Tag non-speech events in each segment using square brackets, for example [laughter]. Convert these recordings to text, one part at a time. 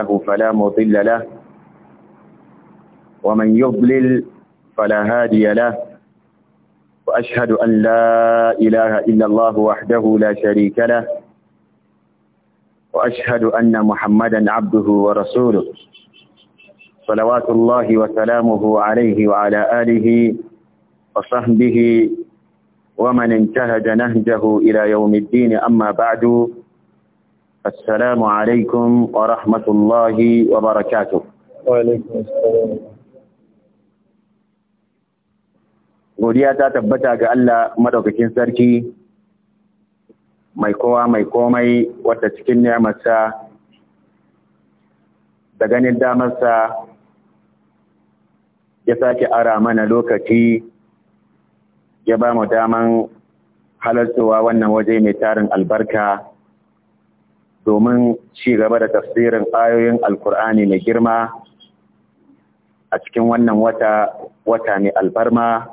له فلا مضل له ومن يضلل فلا هادي له وأشهد أن لا إله إلا الله وحده لا شريك له وأشهد أن محمدا عبده ورسوله صلوات الله وسلامه عليه وعلى آله وصحبه ومن انتهج نهجه إلى يوم الدين أما بعد السلام عليكم ورحمة الله وبركاته وعليكم السلام godiya ta tabbata ga Allah madaukakin sarki mai kowa mai komai wata cikin ni'amarsa da ganin damar sa ya sake ara mana lokaci ya ba mu daman halartowa wannan waje mai tarin albarka domin ci gaba da tafsirin ayoyin alkur'ani mai girma a cikin wannan wata wata mai alfarma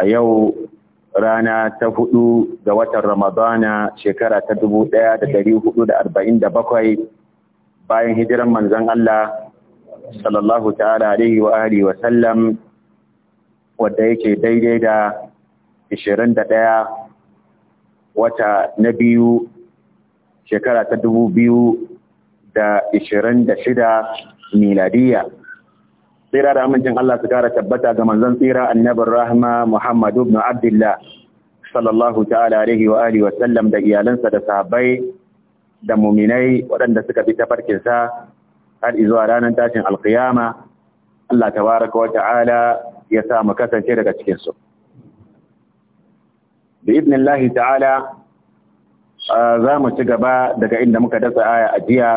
a yau rana ta hudu ga watan ramadana shekara ta dubu daya da dari hudu da arba'in da bakwai bayan hijiran manzan Allah sallallahu ta'ala alaihi wa alihi wa sallam wadda yake daidai da 21 wata na biyu shekara ta dubu biyu da ishirin da shida miladiya. Tsira da amincin Allah su kara tabbata ga manzon tsira annabin rahma Muhammadu ibn Abdullah sallallahu ta'ala alaihi wa alihi wa sallam da iyalansa da sahabbai da muminai waɗanda suka bi sa har izuwa ranar tashin alkiyama Allah tabaraka wa ta'ala ya sa mu kasance daga cikinsu. Bi idnillahi ta'ala za mu ci gaba daga inda muka dasa aya a jiya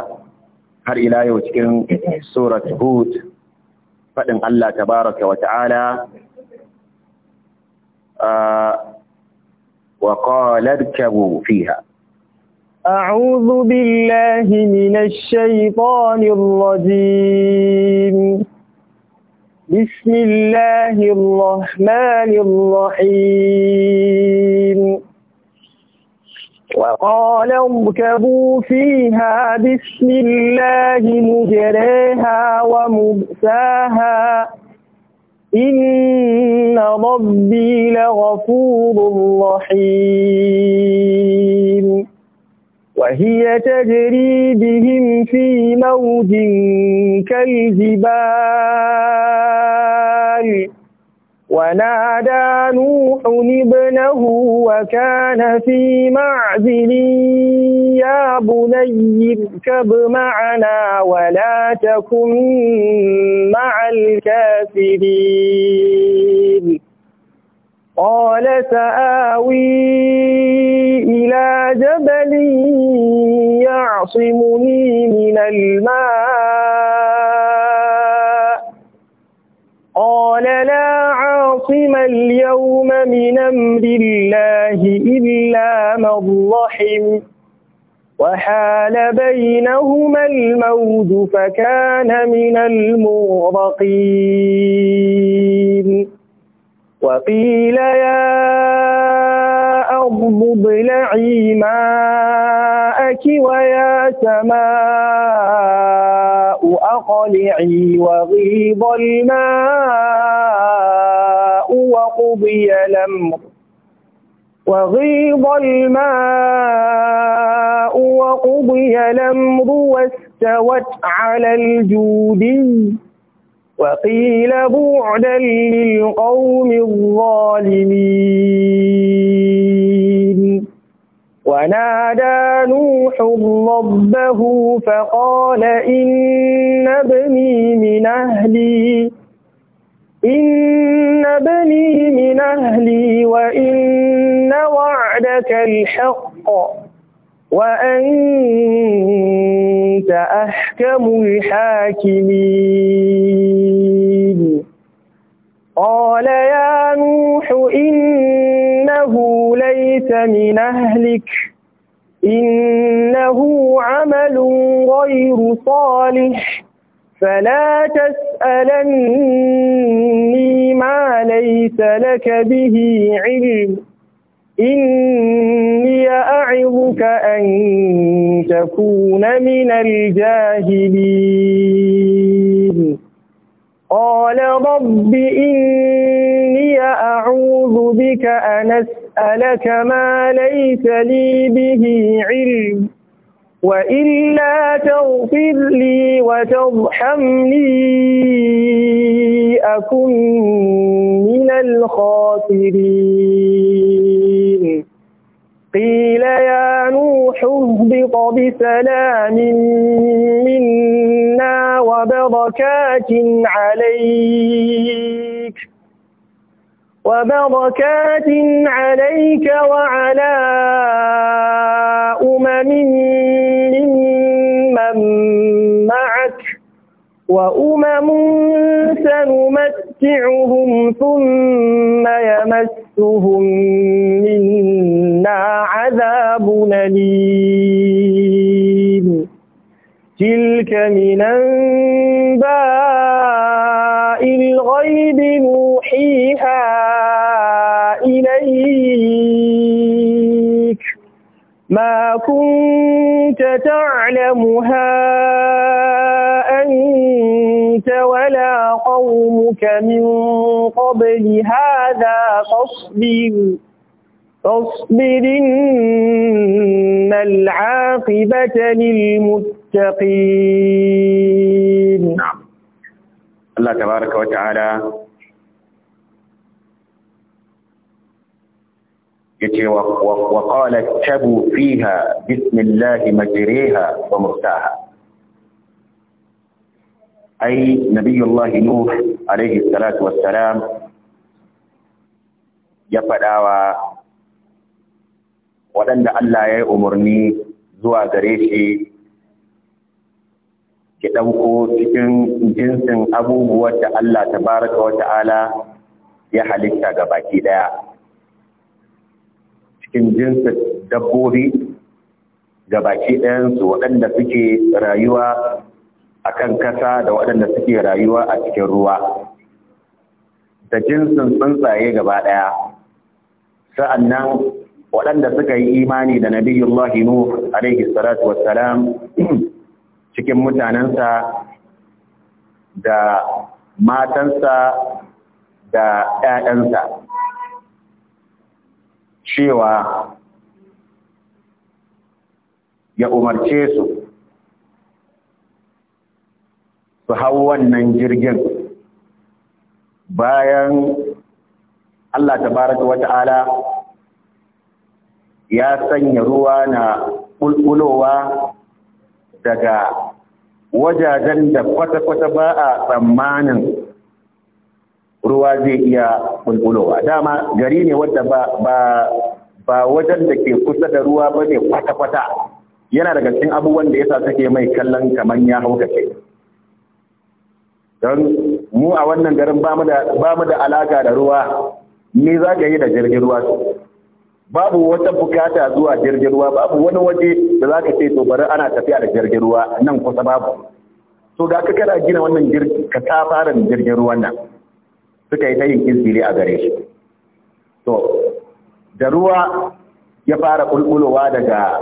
har ila yau cikin surat Hud faɗin Allah tabaraka wa ta'ala wa qala irkabu fiha أعوذ بالله من الشيطان الرجيم بسم الله الرحمن الرحيم وقال اركبوا فيها بسم الله مجريها ومرساها إن ربي لغفور رحيم وهي تجري بهم في موج كالجبال ونادى نوح ابنه وكان في معزل يا بني اركب معنا ولا تكن مع الكافرين قال سآوي إلى جبل يعصمني من الماء قال لا عاصم اليوم من أمر الله إلا من رحم وحال بينهما الموج فكان من المغرقين وقيل يا أرض ابلعي ماءك ويا سماء أقلعي وغيض الماء وقضي الأمر وغيض الماء وقضي الأمر واستوت على الجود وقيل بعدا للقوم الظالمين ونادى نوح ربه فقال إن ابني من أهلي إن أهلي وإن وعدك الحق وأنت أحكم الحاكمين قال يا نوح إنه ليس من أهلك إنه عمل غير صالح فلا تس تسألني ما ليس لك به علم إني أعظك أن تكون من الجاهلين قال رب إني أعوذ بك أن أسألك ما ليس لي به علم وإلا تغفر لي وترحمني أكن من الخاسرين قيل يا نوح اهبط بسلام منا وبركات عليك وبركات عليك وعلى أمم ممن معك وأمم سنمتعهم ثم يمسهم منا عذاب أليم تلك من أنباء الغيب يوحيها إليك ما كنت تعلمها أنت ولا قومك من قبل هذا فاصبر فاصبر إن العاقبة للمتقين نعم الله تبارك وتعالى yace wa wa qalat tabu fiha bismillah majriha wa murtaha ai nabiyullahi nuh alaihi salatu wassalam ya fadawa waɗanda Allah ya yi umarni zuwa gare shi ki ɗauko cikin jinsin abubuwan da Allah tabaraka wa ta'ala ya halitta ga baki ɗaya cikin jinsin dabbobi ga baki ɗayansu waɗanda suke rayuwa a kan ƙasa da waɗanda suke rayuwa a cikin ruwa da jinsin tsuntsaye gaba ɗaya sa'annan waɗanda suka yi imani da nabiyullahi nuh alaihi salatu wassalam [clears throat] cikin mutanensa da matansa da ‘ya'yansa cewa ya umarce su su hau wannan jirgin bayan Allah tabaraka wata'ala ya sanya ruwa na bulbulowa daga wajajen da kwata-kwata ba a tsammanin ruwa zai iya bulbulowa dama gari ne wadda ba ba wajen da ke kusa da ruwa ba ne kwata-kwata yana daga cikin abubuwan da yasa suke mai kallon kamar ya haukace don mu a wannan garin ba mu da alaka da ruwa ne za ka yi da jirgin ruwa babu wata bukata zuwa jirgin ruwa babu wani waje da za ka ce to bari ana tafiya da jirgin ruwa nan kusa babu to da aka kana gina wannan ka ta fara jirgin ruwan nan suka yi ta yin a gare shi to da ruwa ya fara ƙulƙulowa daga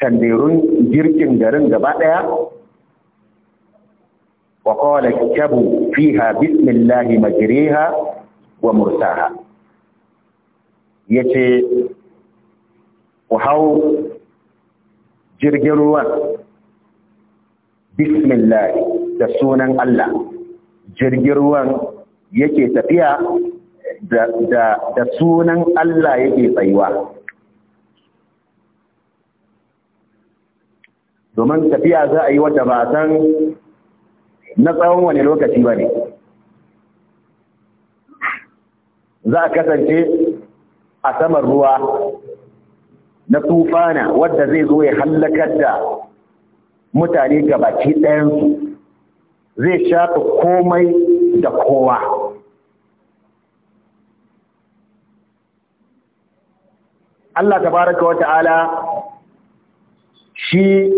canderun jirgin garin gaba ɗaya wa qala kitabu fiha bismillahi majriha wa mursaha yace ku hau jirgin ruwan bismillahi da sunan Allah jirgin ruwan yake tafiya da sunan Allah yake tsayuwa domin tafiya za a yi wata ba san na tsawon wani lokaci ba ne za a kasance a saman ruwa na tufana wadda zai zo ya hallakar da mutane gabaki ɗayansu zai shafa komai da kowa Allah tabaraka wa ta'ala shi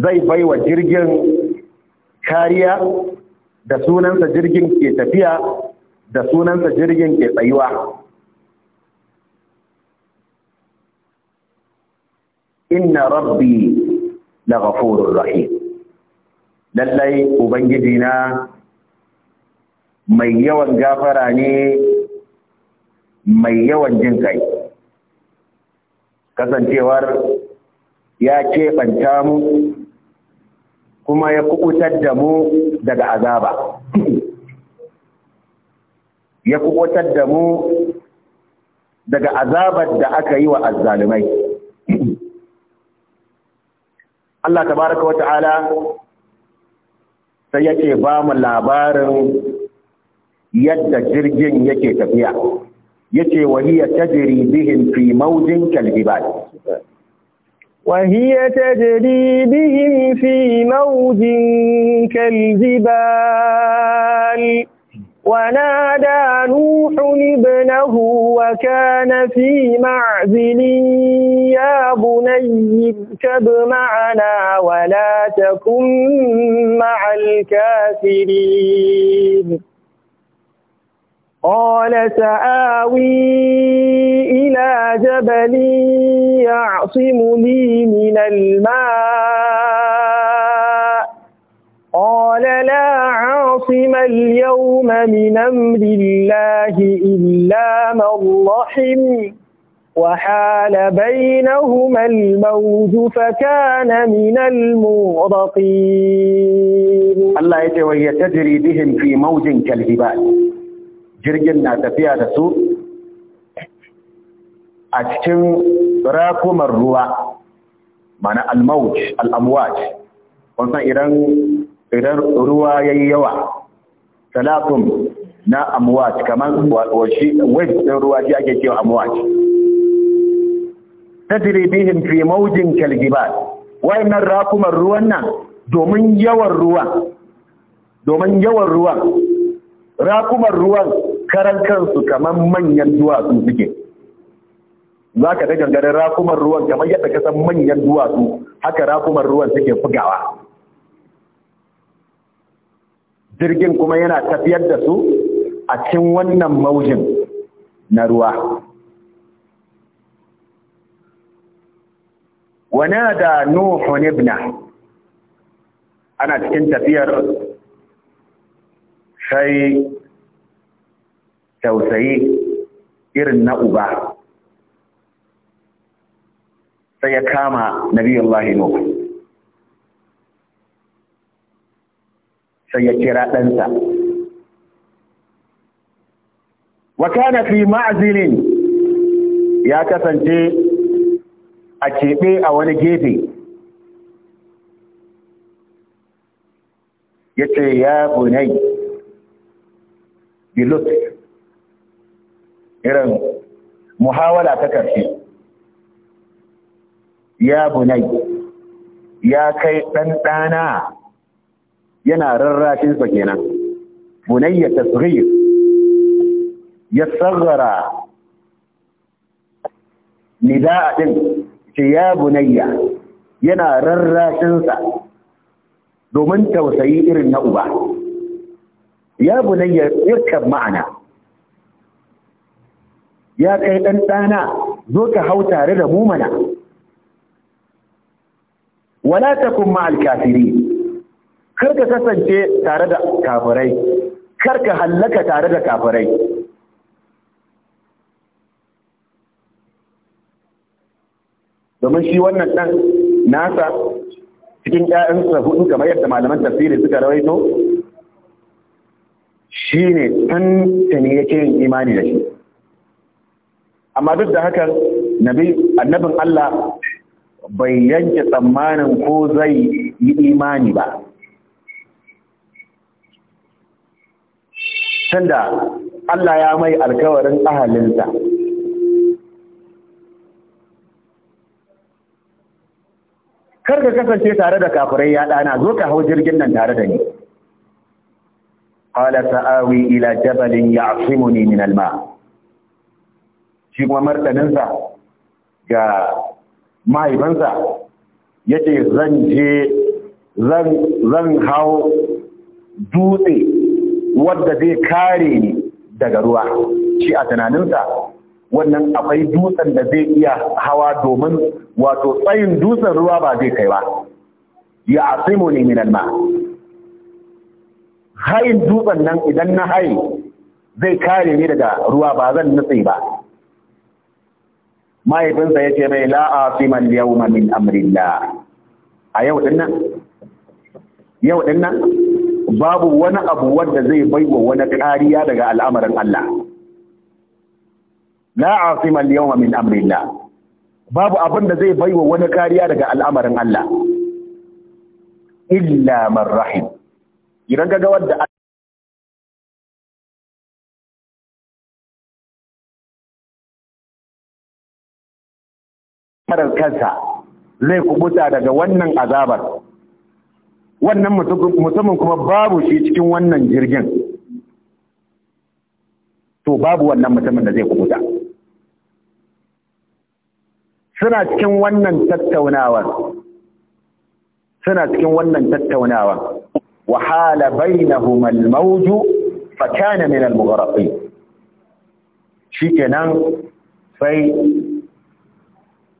zai baiwa jirgin kariya da sunansa jirgin ke tafiya da sunansa jirgin ke tsayuwa inna rabbi laghafurur rahim lallai ubangiji na mai yawan gafara ne mai yawan jin kai kasancewar ya keɓanta mu kuma ya kubutar da mu daga azaba [clears throat] ya kubutar da mu daga azabar da aka yi wa azzalumai [clears throat] Allah tabaraka wata'ala sai yake ba mu labarin yadda jirgin yake tafiya yace wa hiya tajri bihim fi mawjin kal jibal وهي تجري بهم في موج كالجبال ونادى نوح ابنه وكان في معزل يا بني اركب معنا ولا تكن مع الكافرين قال سآوي إلى جبل يعصمني من الماء قال لا عاصم اليوم من أمر الله إلا من رحم وحال بينهما الموج فكان من المغرقين الله يتوي تجري بهم في موج كالجبال jirgin na tafiya da su a cikin rakumar ruwa mana almauj al'amwaj wansan idan idan ruwa ya yi yawa talatum na amwaj kamar washi wajen ɗin ruwa ji ake cewa amwaj ta diribihim fi maujin kalgibal wayannan rakumar ruwan nan domin yawan ruwan domin yawan ruwan rakumar ruwan karan kansu kamar manyan duwatsu suke za ka ga gangarin rakumar ruwan kamar yadda ka manyan duwatsu haka rakumar ruwan suke bugawa jirgin kuma yana tafiyar da su a cikin wannan maujin na ruwa Wani da نوح ابنه ana cikin tafiyar sai tausayi irin na uba sai ya kama nabiyullahi nuh sai ya kira ɗansa wa kana fi ma'zilin ya kasance a keɓe a wani gefe ya ce ya bunai bilut irin muhawala ta ƙarshe ya bunai ya kai ɗanɗana, ɗana yana rarrashinsa kenan bunai ya tasrir ya sarrara nida'a ɗin ce ya bunayya yana rarrashinsa domin tausayi irin na uba ya bunayya ma'ana ya kai ɗan ɗana zo ka hau tare da mumana wala takun ma'al kafiri kar ka kasance tare da kafirai kar ka hallaka tare da kafirai domin shi wannan ɗan nasa cikin ƴaƴansa hudu kamar yadda malaman tafsirin suka rawaito shi ne tantane yake yin imani da shi amma duk da hakan nabi annabin Allah bai yanke tsammanin ko zai yi imani ba tunda Allah ya mai alkawarin ahalinsa kar ka kasance tare da kafirai ya dana zo ka hau jirgin nan tare da ni qala sa'awi ila jabalin ya'simuni min al-ma' shi kuma martaninsa ga mahaifansa ya ce zan je zan hau dutse wadda zai kare ni daga ruwa shi a tunaninsa wannan akwai dutsen da zai iya hawa domin wato tsayin dutsen ruwa ba zai kai ba ya asimu ne minan ma Hain dutsen nan idan na hain zai kare ni daga ruwa ba zan nutse ba mahaifinsa ya ce mai la'afiman yawma min amrillah a yau din nan yau din nan babu wani abu wanda zai baiwa wani kariya daga al'amarin Allah la'afiman yawma min amrillah babu abin da zai baiwa wani kariya daga al'amarin Allah illa man rahim idan kaga wanda gafarar kansa zai kubuta daga wannan azabar wannan mutumin kuma babu shi cikin wannan jirgin to babu wannan mutumin da zai kubuta suna cikin wannan tattaunawar suna cikin wannan tattaunawar wahala bainahum al-mawj fa kana min al-mughraqin shikenan sai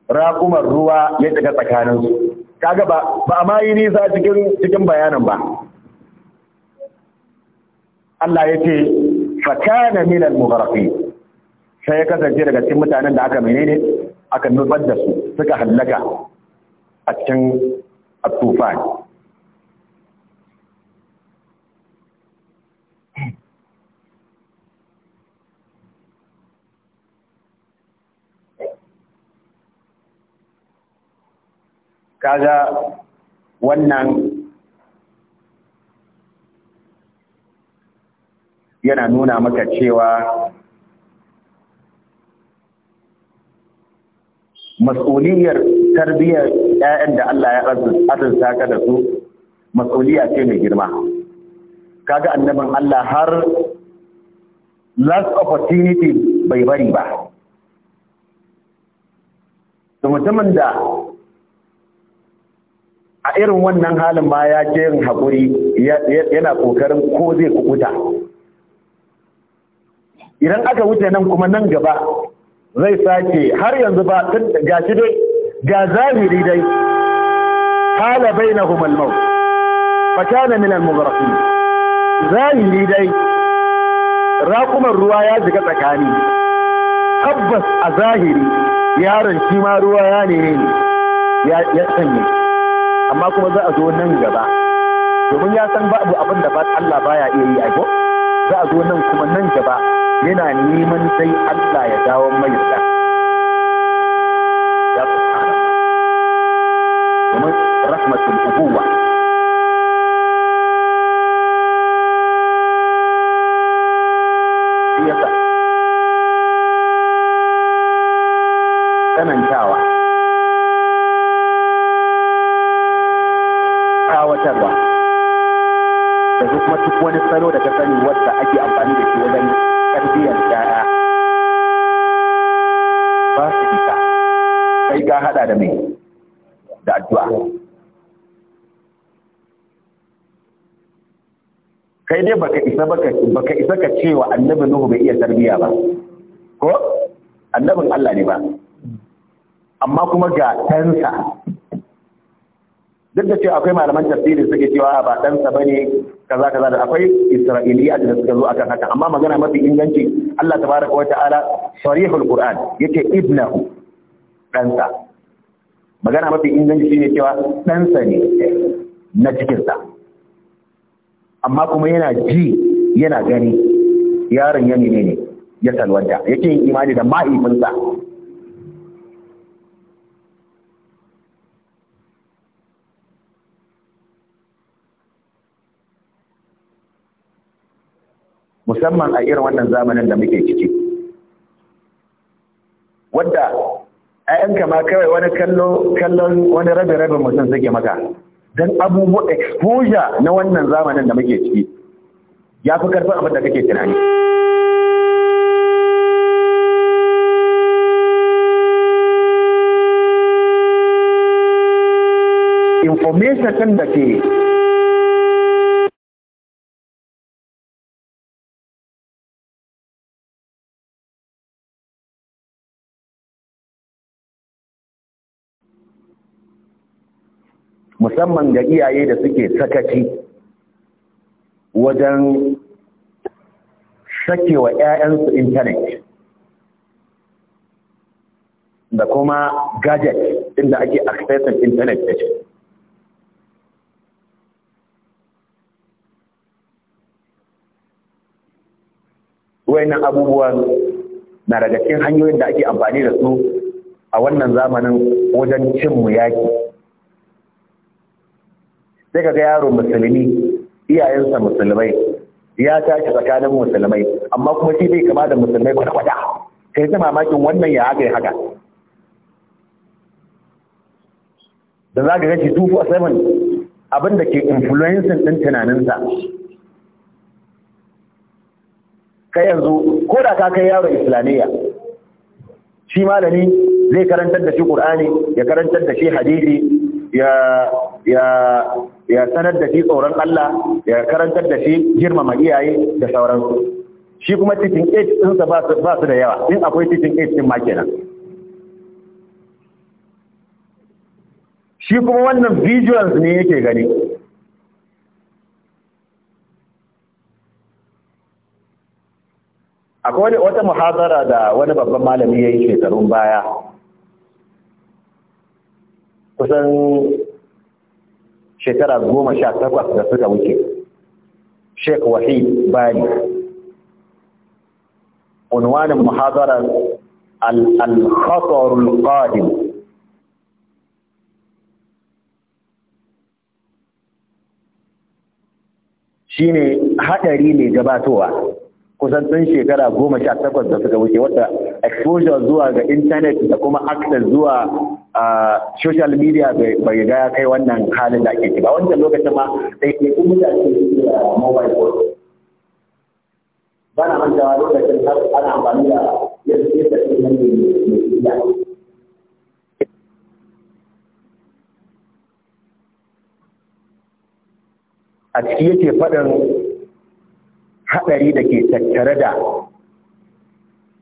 raƙumar ruwa ya shiga tsakaninsu kaga ba ba ma yi nisa cikin cikin bayanin ba Allah ya ce "Fakana kana min al sai ya kasance daga cikin mutanen da aka menene aka nutsar da su suka hallaka a cikin at kaga wannan yana nuna maka cewa mas'uliyar tarbiyyar ‘ya'yan da Allah ya azurta ka da su mas'uliya ce mai girma. Kaga annabin Allah har last opportunity bai bari ba. Da mutumin da a irin wannan halin ma ya ke yin haƙuri yana ƙoƙarin ko zai kukuta idan aka wuce nan kuma nan gaba zai sake har yanzu ba ga shi dai ga zahiri dai hala bainahum al ba fa kana min al-mughraqin zahiri dai rakuman ruwa ya shiga tsakani tabbas a zahiri yaron shi ma ruwa ya ne ya sanye amma kuma za a zo nan gaba domin ya san babu abin da Allah baya iya yi aiko za a zo nan kuma nan gaba yana neman sai Allah ya dawo mai da ya fara domin rahmatul ubuwa yasa gabatarwa da su kuma duk wani tsaro da ka sani wadda ake amfani da shi wajen tarbiyyar ya'ya ba su isa sai ka hada da mai da addu'a kai dai baka isa baka baka isa ka cewa annabi Nuhu bai iya tarbiya ba ko annabin Allah ne ba amma kuma ga tansa duk da cewa akwai malaman tafsiri suke cewa ba ɗansa ba ne kaza kaza da akwai isra'iliya da suka zo akan haka amma magana mafi inganci Allah tabaraka wata'ala sharihul qur'an yake ibnahu ɗansa magana mafi inganci shine cewa ɗansa ne na cikinsa amma kuma yana ji yana gani yaron ya ne ya salwanta yake yin imani da mahaifinsa musamman a irin wannan zamanin da muke ciki wadda ayan kama kawai wani kallon wani rabe-rabe mutum suke maka don abubu exposure na wannan zamanin da muke ciki ya fi karfin abin da kake tunani information da ke musamman ga iyaye da suke sakaci wajen sakewa 'ya'yansu intanet da kuma gadget inda ake accessing intanet da shi wayannan abubuwan na daga cikin hanyoyin da ake amfani da su a wannan zamanin wajen cin mu yaki sai ga yaro musulmi iyayensa musulmai ya tashi tsakanin musulmai amma kuma shi bai kama da musulmai kwada-kwada. kwada kai ta mamakin wannan ya haka ya haka da za ka gashi tufu a saman abin da ke influencing ɗin tunaninsa ka yanzu ko da ka kai yaro islamiyya shi malami zai karantar da shi ƙur'ani ya karantar da shi hadisi ya sanar da shi tsoron Allah ya karantar da shi girmama iyaye da sauransu shi kuma cikin 8 ɗinsa ba su da yawa in akwai cikin 8 ɗin ma kenan shi kuma wannan visuals ne yake gani akwai wata muhazara da wani babban malami ya yi shekarun baya kusan shekara goma sha takwas da suka wuce sheikh wahid bali unwanin muhazarar al-khatarul qadim shine haɗari mai gabatowa kusan tun shekara goma sha takwas da suka wuce wadda exposure zuwa ga intanet da kuma access zuwa social media bai ga ya kai wannan halin da ake ba wancan lokacin ma sai mutane kuma da mobile phone ba na mantawa lokacin har ana amfani da yadda ke da su nan a ciki yake faɗin haɗari da ke tattare da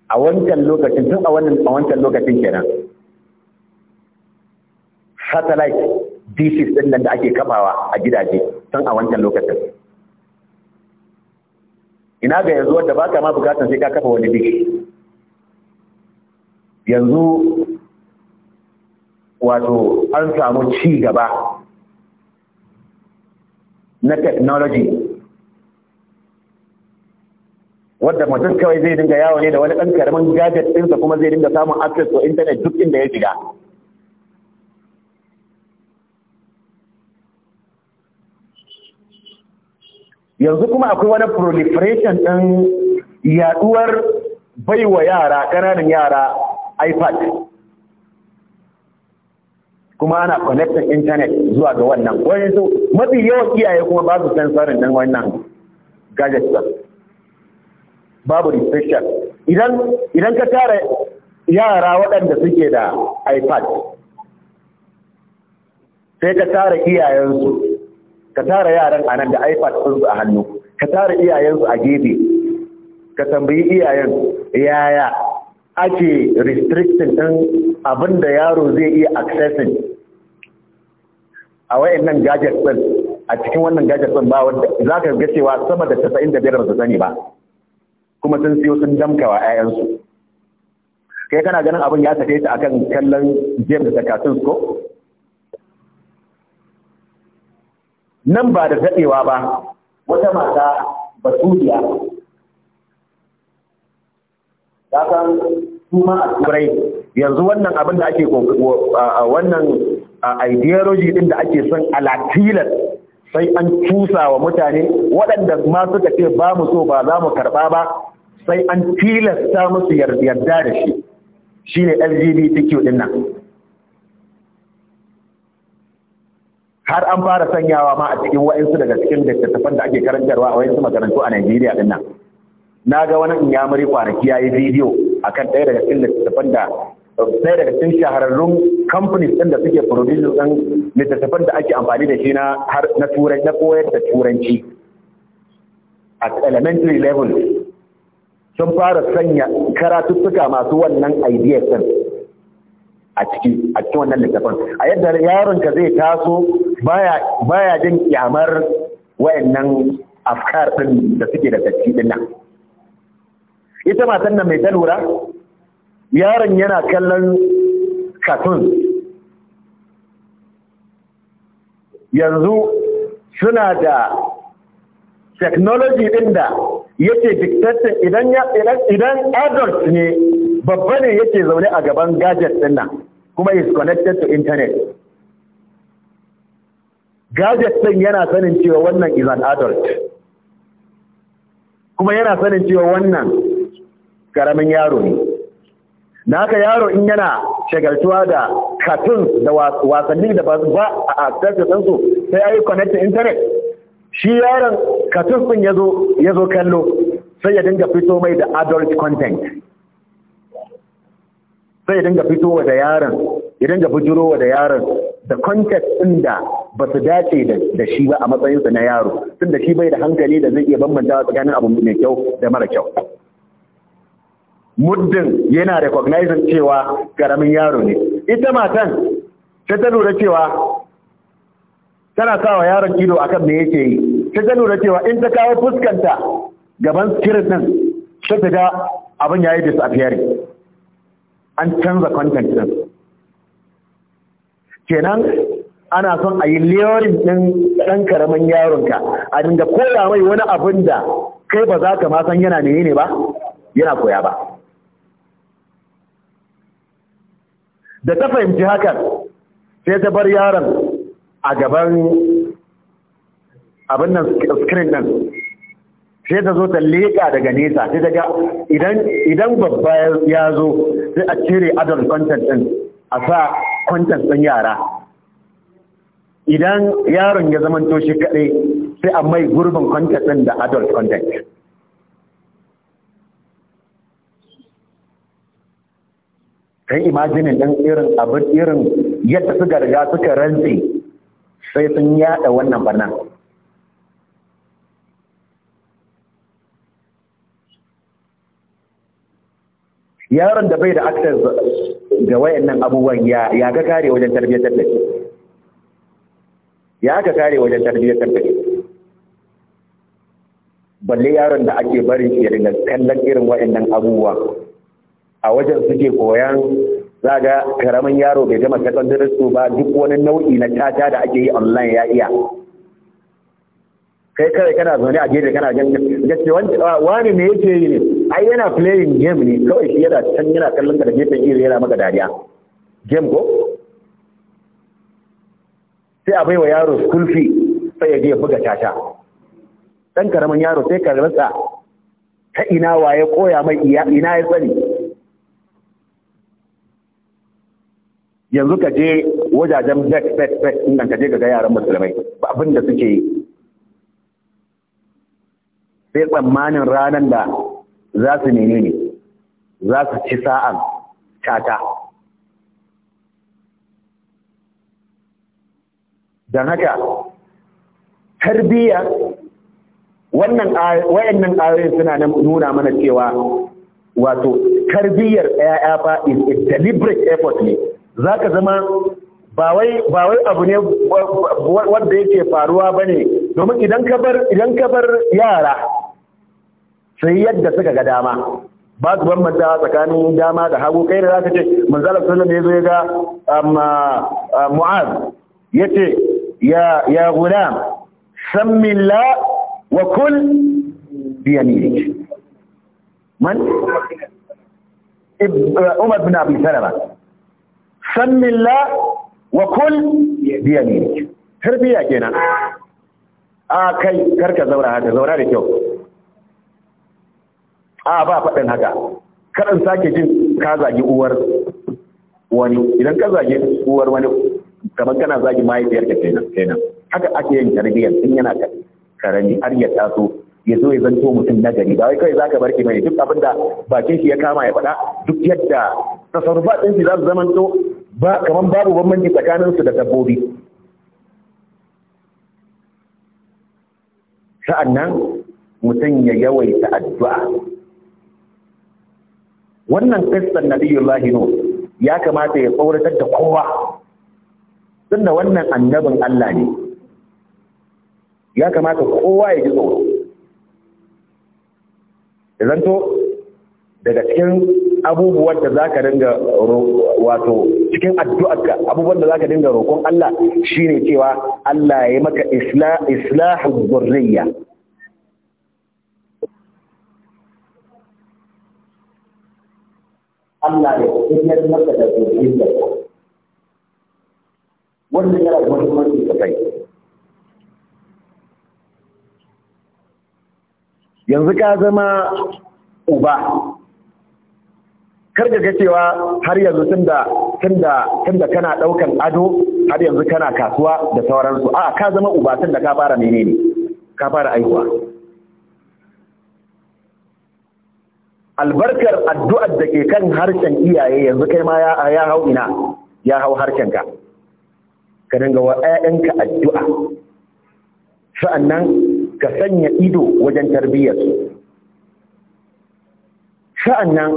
a wancan lokacin tun a wancan lokacin kenan satellite dishes ɗin nan da ake kafawa a gidaje tun a wancan lokacin ina ga yanzu wadda ba ka ma bukatan sai ka kafa wani dish yanzu wato an samu ci gaba na technology wadda mutum kawai zai dinga yawo ne da wani ɗan karamin gadget ɗinsa kuma zai dinga samun access to internet duk inda ya shiga yanzu kuma akwai wani proliferation ɗin yaɗuwar baiwa yara ƙananan yara ipad kuma ana connecting internet zuwa ga wannan wani su mafi yawan iyaye kuma ba su san tsarin wannan gadget babu restriction idan idan ka tara yara waɗanda suke da ipad sai ka tara iyayensu ka tara yaran a da ipad su a hannu ka tara iyayensu a gefe ka tambayi iyayen yaya ake restricting ɗin abin da yaro zai iya accessing a nan gadgets ɗin a cikin wannan gajet ɗin ba wanda za ka ga cewa sama da 95 ba sani ba kuma sun siyo sun wa 'ya'yansu kai kana ganin abin ya tafe ta akan kallon james da katun ko nan ba da daɗewa ba wata mata basuliya ta san suma a turai yanzu wannan abin da ake wannan ideology din da ake son alatilar sai an cusa wa mutane waɗanda ma suka ce ba mu so ba za mu karɓa ba sai an tilasta musu yarda da shi shine LGBTQ din nan har an fara sanyawa ma a cikin wa'insu daga cikin littattafan da ake karantarwa a wa'insu makarantu a Najeriya din nan na ga wani inyamuri kwanaki ya yi bidiyo kan ɗaya daga cikin littattafan da ɗaya daga cikin shahararrun kamfanis ɗin da suke producing ɗin littattafan da ake amfani da shi na har na turai na koyar da turanci at elementary level sun fara sanya karatuttuka masu wannan ideas din a ciki a cikin wannan littafin a yadda yaron ka zai taso baya baya jin kyamar wayannan afkar din da suke da tacci din nan ita matan nan mai ta lura yaron yana kallon cartoon yanzu suna da technology din da yake dictator idan ya idan adult ne babba ne yake zaune a gaban gadget din nan kuma is connected to internet gadget din yana sanin cewa wannan is an adult kuma yana sanin cewa wannan karamin yaro ne na haka yaro in yana shagaltuwa da cartoons da wasanni da ba a access da sai ayi connected internet shi yaron katun ɗin ya zo kallo sai ya dinga fito mai da adult content sai ya dinga fito da yaron ya dinga bujurowa da yaron da content ɗin da ba su dace da shi ba a matsayinsa na yaro tun da shi bai da hankali da zai iya bambanta tsakanin abu mai kyau da mara kyau muddin yana recognizing cewa karamin yaro ne ita matan ta ta lura cewa tana sawa yaron ido akan me yake yi ta ta lura cewa in ta kawo fuskanta gaban sikirin din sai ta ga abin yayi disappearing an canza content din kenan ana son a yi leorin ɗin ɗan karamin yaronka a dinga koya mai wani abin da kai ba za ka ma san yana meye ne ba yana koya ba da ta fahimci hakan sai ta bar yaron a gaban abin nan screen nan sai ta zo ta leƙa daga nesa sai ta ga idan babba ya zo sai a cire adult content ɗin a sa content ɗin yara idan yaron ya zamanto shi kaɗai sai a mai gurbin content ɗin da adult content kan imajinin ɗin irin abin irin yadda suka riga suka rantse sai sun yada wannan barnan yaron da bai da access ga nan abubuwan ya ga kare wajen tarbiyyar da ya ga kare wajen tarbiyyar da balle yaron da ake barin shi ya dinga kallon irin nan abubuwa a wajen suke koyan za ga karamin yaro bai gama secondary school ba duk wani nau'i na caca da ake yi online ya iya kai kawai kana zaune a gefe kana jan gaske wani ah, ne yake yi ne ai yana playing game ne kawai shi yana can yana kallon ka da gefen iri yana maka dariya game ko sai a bai wa yaro school fee sai ya je ya buga caca dan karamin yaro sai ka rasa ta ina waye koya mai ina ya tsani yanzu ka je wajajen bet bet bet inda ka je ga yaran musulmai ba abin da suke yi sai tsammanin ranar da za su nene ne za su ci sa'an cata. don haka tarbiyya wannan wayannan ayoyin suna nuna mana cewa wato tarbiyyar ƴaƴa fa is a deliberate effort ne za ka zama ba wai abu ne wanda yake faruwa ba ne domin idan ka bar yara sai yadda suka ga dama ba su ban manta tsakanin dama da hagu kai da za ka ce manzala sallam ya zo ya ga um, uh, uh, mu'az ya ce ya guda sammila wa kul biyamirik man uh, umar bin abu salama sammilla wa kul biya ne tarbiya kenan a kai karka zaura haka zaura da kyau a ba faɗin haka Kaɗan sake jin ka zagi uwar wani idan ka zagi uwar wani kamar kana zagi mahaifiyar ka kenan kenan haka ake yin tarbiyyar in yana karami har ya taso ya zo ya zanto mutum na gari ba wai kawai zaka bar ki mai duk abinda da bakin shi ya kama ya faɗa duk yadda tasarrufa ɗin shi za su zamanto ba kaman babu bambanci tsakanin su da dabbobi sa'annan mutum ya yawaita addu'a wannan kristan nabiyullahi no ya kamata ya tsoratar da kowa tunda wannan annabin Allah ne ya kamata kowa ya ji tsoro da zanto daga cikin abubuwan da za ka dinga wato cikin addu'arka abubuwan da za ka dinga roƙon Allah shine cewa Allah ya maka islahu zurriya Allah ya tafiyar maka da zuriyar wannan yana da muhimmanci sosai yanzu ka zama uba kar ga cewa har yanzu tunda tunda tunda kana daukan ado har yanzu kana kasuwa da sauransu a ka zama uba tunda ka fara menene ka fara aihuwa albarkar addu'ar da ke kan harshen iyaye yanzu kai ma ya hau ina ya hau harshenka ka dinga wa ƴaƴanka addu'a sa'annan ka sanya ido wajen tarbiyyarsu sa'annan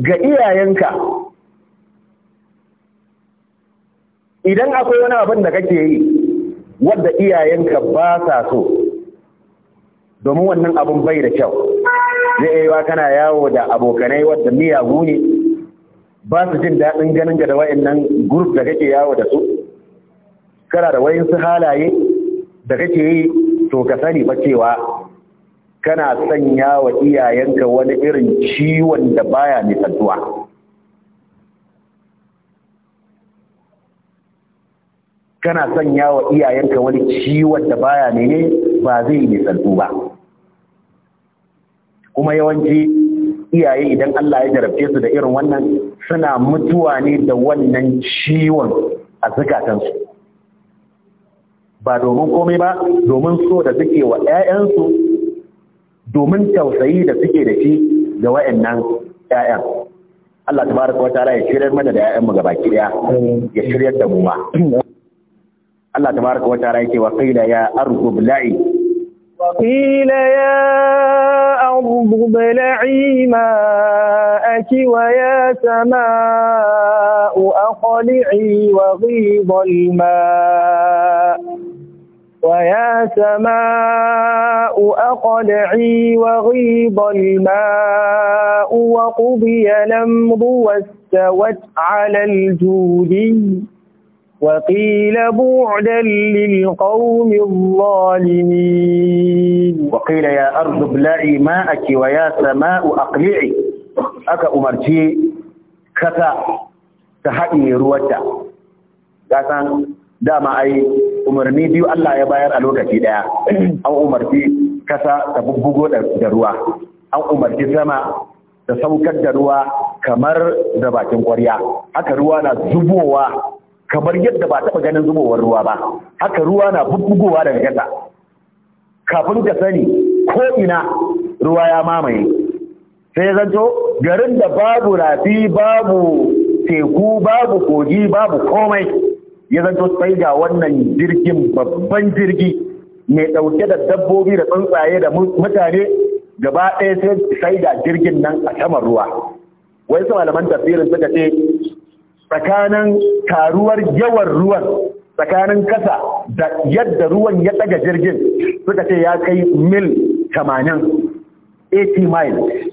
ga iyayenka idan akwai wani abin da kake yi wadda iyayenka ba sa so domin wannan abin bai da kyau zai yi kana yawo da abokanai wadda miyagu ne ba su jin daɗin ganin ga da wa'annan guruf da kake yawo da su kana da wayansu halaye da kake yi to ka sani ba cewa kana sanya wa iyayenka wani irin ciwon da baya nisantuwa kana sanya wa iyayenka wani ciwon da baya ne ba zai nisantu ba kuma yawanci iyaye idan Allah ya jarabce su da irin wannan suna mutuwa ne da wannan ciwon a zukatansu ba domin komai ba domin so da suke wa 'ya'yansu domin tausayi da suke da shi ga wayannan ƴaƴan Allah tabaraka wataala ya shiryar mana da ƴaƴan mu gabaki daya ya shiryar da mu ma Allah tabaraka wataala yake wa qila ya ardu bla'i wa qila ya ardu bla'i ma'aki wa ya sama'u aqli'i wa ghidha al-ma' ويا سماء أقلعي وغيض الماء وقضي الأمر واستوت على الجودي وقيل بعدا للقوم الظالمين وقيل يا أرض ابلعي ماءك ويا سماء أقلعي أكا أمرتي كتا تحقي رواتا قاسان dama ai umarni biyu Allah ya bayar a lokaci daya [clears throat] an umarci kasa ta bubbugo da ruwa an umarci sama ta saukar da ruwa kamar da bakin kwarya haka ruwa na zubowa kamar yadda ba taɓa ganin zubowar ruwa ba haka ruwa na bubbugowa daga kasa kafin ka sani ko ina ruwa ya mamaye sai ya zanto garin da babu rafi babu teku babu kogi babu komai ya zanto sai ga wannan jirgin babban jirgi mai ɗauke da dabbobi da tsuntsaye da mutane gaba ɗaya sai ga jirgin nan a saman ruwa wai su malaman tafsirin suka ce tsakanin taruwar yawan ruwan tsakanin kasa da yadda ruwan ya ɗaga jirgin suka ce ya kai mil tamanin, 80 miles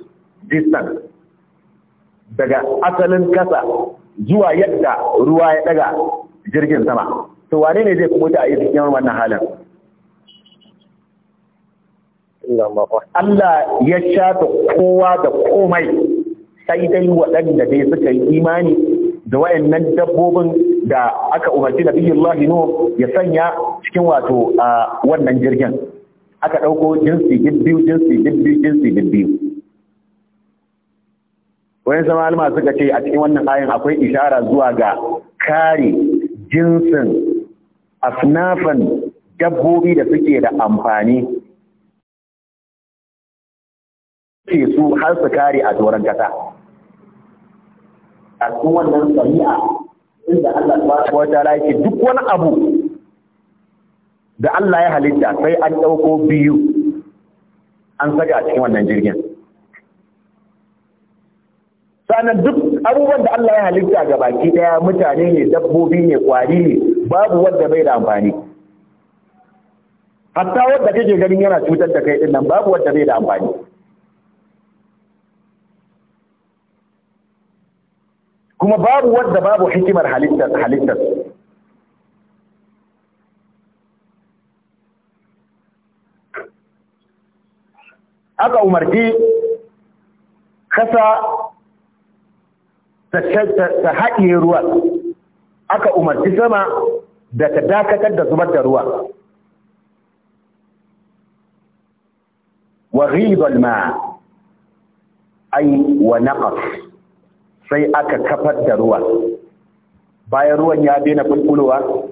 distance daga asalin kasa zuwa yadda ruwa ya ɗaga jirgin sama to wane ne zai ta a cikin wannan halin Allah ya shafe kowa da komai sai dai waɗanda dai suka yi imani da wayannan dabbobin da aka umarci da biyun Nuh ya sanya cikin wato a wannan jirgin aka ɗauko jinsi biyu jinsi biyu jinsi biyu wayan zama alma suka ce a cikin wannan ayin akwai ishara zuwa ga kare jinsin asnafan dabbobi da suke da amfani ce su har su kare a doron kasa a cikin wannan sami'a inda Allah ta wata duk wani abu da Allah ya halitta sai an ɗauko biyu an saka a cikin wannan jirgin sannan duk abubuwan da Allah ya halitta ga baki daya mutane ne dabbobi ne kwari ne babu wanda bai da amfani hatta wanda kake ganin yana cutar da kai din nan babu wanda bai da amfani kuma babu wanda babu hikimar halittar halittar aka umarci kasa ta haɗiye ruwa aka umarci sama da ta dakatar da zubar da ruwa wa ribar ma ai wa naƙas sai aka kafar da ruwa bayan ruwan ya daina fulfulowa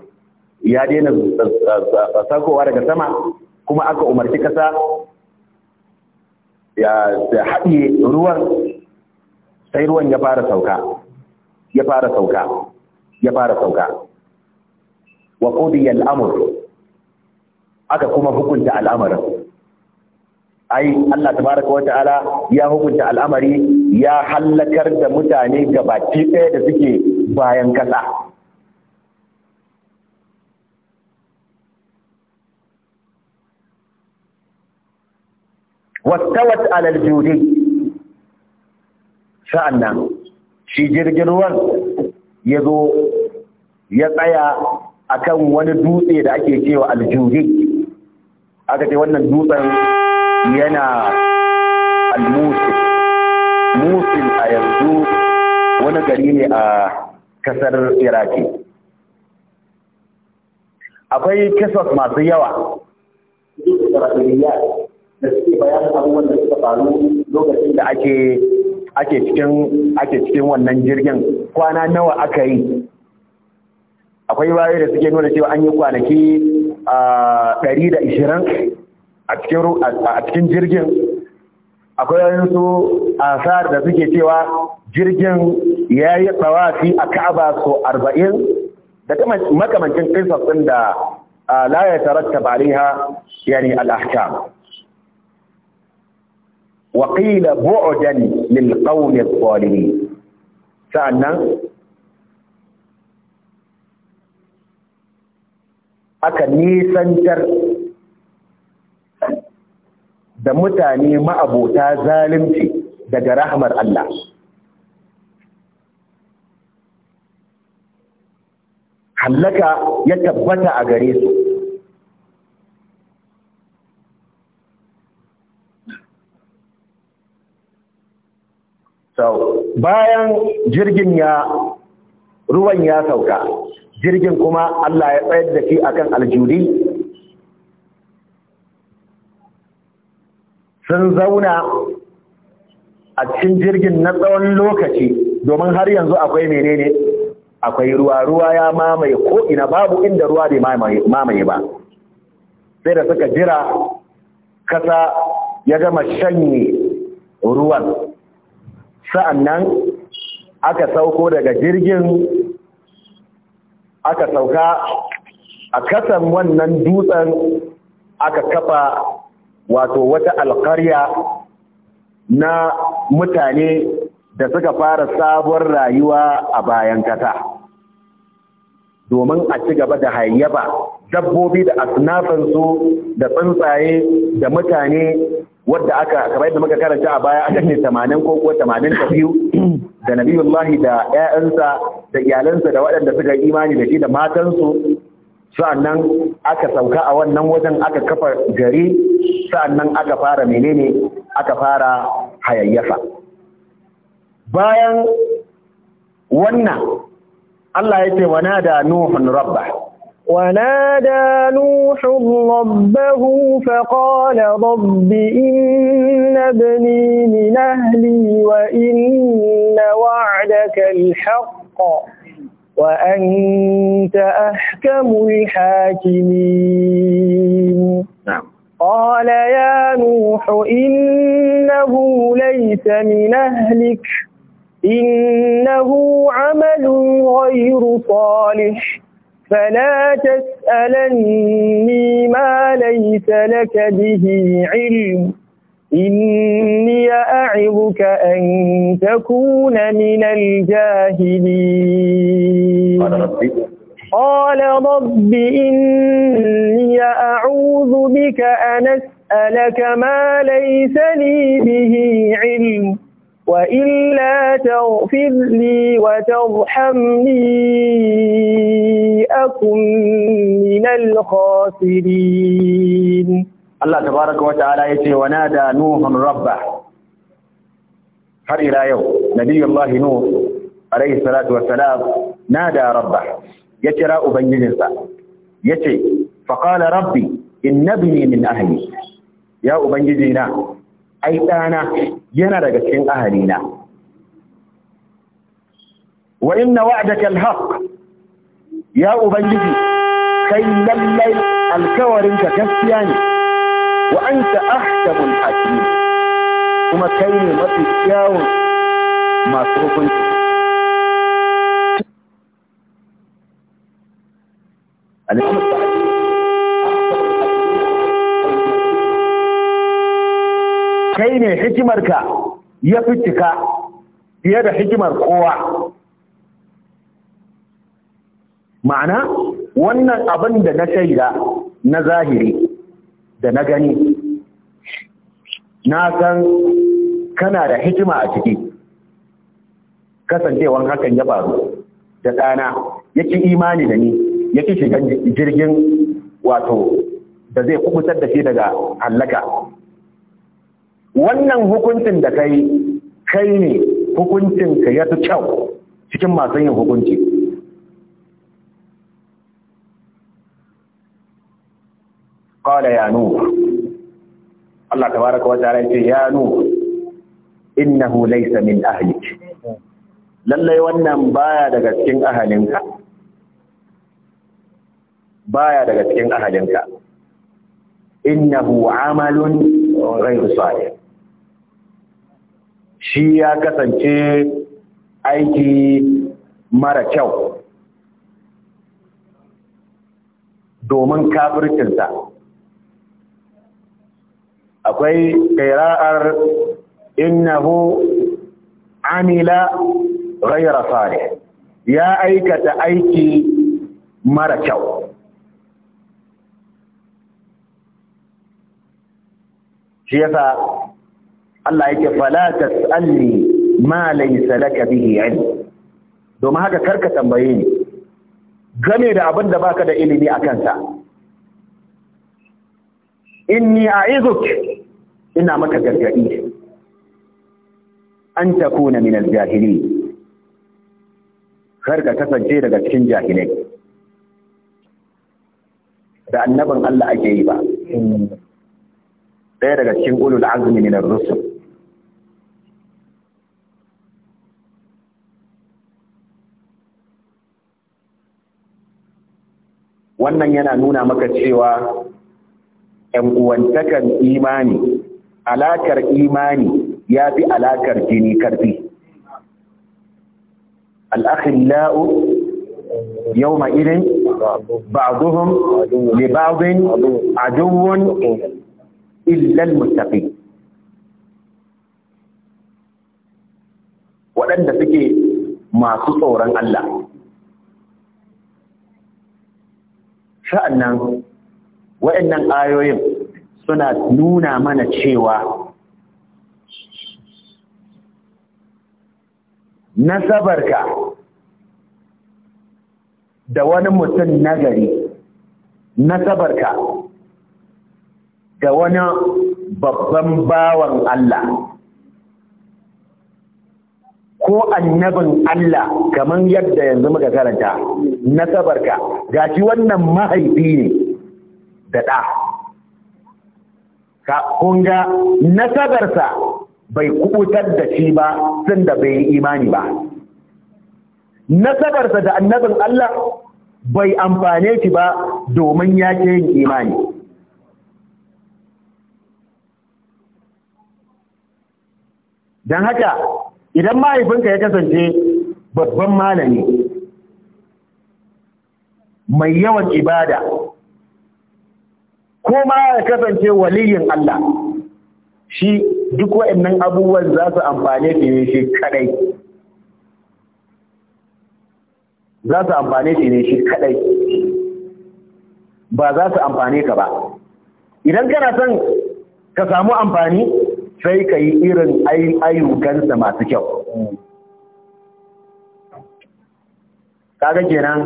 ya daina eh, eh, sakowa daga sama kuma aka umarci kasa ya haɗiye ruwan sai ruwan ya fara sauka ya fara sauka ya fara sauka wa qudiya al-amr aka kuma hukunta al'amarin ai Allah tabaraka wa ta'ala ya hukunta al'amari ya halakar da mutane gabaki ɗaya da suke bayan kasa wasu alal judi sa'an nan shi jirgin ruwan ya zo ya tsaya a kan wani dutse da ake cewa aljuri aka ce wannan dutsen yana almusil musil a yanzu wani gari ne a kasar iraki akwai kisos masu yawa da suke bayan abubuwan da suka faru lokacin da ake ake cikin ake cikin wannan jirgin kwana nawa aka yi akwai wayoyi da suke nuna cewa an yi kwanaki ɗari da ishirin a cikin jirgin akwai a asar da suke cewa jirgin ya yi tsawafi a ka'aba so arba'in da makamancin kai ɗin da la ya tarattaba alaiha yani al wa qila bu'dan lil qawmi adh-dhalimin sa'annan aka nisantar da mutane ma'abota zalunci daga rahmar Allah hallaka ya tabbata a gare su so bayan jirgin ya ruwan ya sauka jirgin kuma Allah ya tsayar da shi akan aljuri sun zauna a cikin jirgin na tsawon lokaci domin har yanzu akwai menene akwai ruwa ruwa ya mamaye ko ina babu inda ruwa da mamaye ba sai da suka jira kasa ya gama shanye ruwan sa'annan aka sauko daga jirgin aka sauka a kasan wannan dutsen aka kafa wato wata alƙarya na mutane da suka fara sabon rayuwa a bayan kata. domin a ci gaba da hayyaba dabbobi da asnafansu da tsuntsaye da mutane wadda aka kamar yadda muka karanta a baya aka ce 80 ko ko 82 da nabiyullahi da ƴaƴansa da iyalansa da waɗanda suka yi imani da shi da matansu sa'annan aka sauka a wannan wajen aka kafa gari sa'annan aka fara menene aka fara hayayyafa bayan wannan Allah ya ce نوح ربه nuhun rabba ونادى نوح ربه فقال رب إن ابني من أهلي وإن وعدك الحق وأنت أحكم الحاكمين نعم. قال يا نوح إنه ليس من أهلك إنه عمل غير صالح فلا تسألني ما ليس لك به علم إني أعظك أن تكون من الجاهلين قال رب إني أعوذ بك أن أسألك ما ليس لي به علم وإلا تغفر لي وترحمني أكن من الخاسرين الله تبارك وتعالى يتي ونادى نوح ربه إلى يوم نبي الله نوح عليه الصلاة والسلام نادى ربه يترى أبن جنسا يتي فقال ربي إن نبني من أهلي يا أبن جنسا ai dana yana daga cikin ahalina wa inna wa'daka alhaq ya ubangiji kai lallai ka gaskiya ne wa anta ahkamul hakim kuma kai ne mafi kyawun masu hukunci al-imam kai ne hikimarka ya fi cika fiye da hikimar kowa ma'ana wannan abin da na shaida na zahiri da na gani na san kana da hikima a ciki kasancewan hakan ya faru da ɗana yake imani da ni yake shigan jirgin wato da zai kubutar da shi daga hallaka wannan hukuncin da kai kai ne hukuncin ka ya fi kyau cikin masu yin hukunci qala ya nu Allah tabaraka wa rai yace ya nuh innahu laysa min ahalik lallai wannan baya daga cikin ahalinka baya daga cikin ahalinka innahu amalun ghayru salih shi ya kasance aiki mara kyau domin kafircinsa akwai ƙira'ar innahu amila ghayra sare ya aikata aiki mara kyau shi yasa Allah yake fala tasalni ma laysa laka bihi ilm domin haka karka tambaye ni game da abin da baka da ilimi a kansa inni a'izuk ina maka gargadi an takuna min al jahili. kar kasance daga cikin jahilai da annabin Allah ake yi ba ɗaya daga cikin ulul azmi min ar-rusul wannan yana nuna maka cewa ‘yan uwantakan imani alakar imani ya fi alakar jini karfi al'akhillau yau ma'irin ba'aduhun libabin aduwun illal mustafi waɗanda suke masu tsoron Allah sa'annan waɗannan ayoyin suna nuna mana cewa nasabarka da wani mutum nagari nasabarka da wani babban bawan Allah ko annabin Allah kamar yadda yanzu muka karanta nasabarka gashi wannan mahaifi ne da ɗa kunga nasabarsa bai kubutar da shi ba sun da bai imani ba nasabarsa da annabin Allah bai amfane shi ba domin ya yin imani don haka idan mahaifinka ya kasance babban malami mai yawan ibada ko ma ya kasance waliyin Allah shi duk waɗannan abubuwan za su amfane shi ne shi kadai za su amfane shi ne shi kadai ba za su amfane ka ba idan kana son ka samu amfani sai ka yi irin ayyukansa masu kyau kaga kenan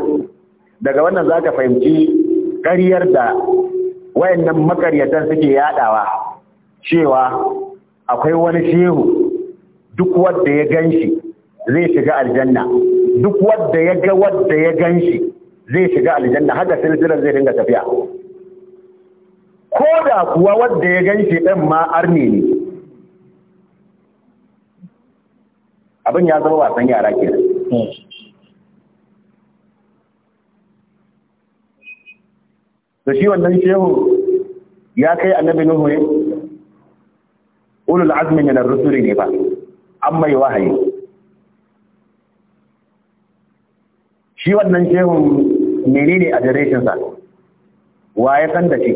daga wannan za ka fahimci ƙaryar da wayannan makaryatan suke yaɗawa cewa akwai wani shehu duk wanda ya ganshi zai shiga aljanna duk wanda ya ga wanda ya ganshi zai shiga aljanna haka silsilar zai dinga tafiya ko da kuwa wadda ya ganshi ɗan ma arne ne abin ya zama wasan yara ke da shi wannan shehu ya kai annabi nuhu ne ulul azmi yanar rusuri ne ba amma mai wahayi shi wannan shehu menene a sa wa ya san da shi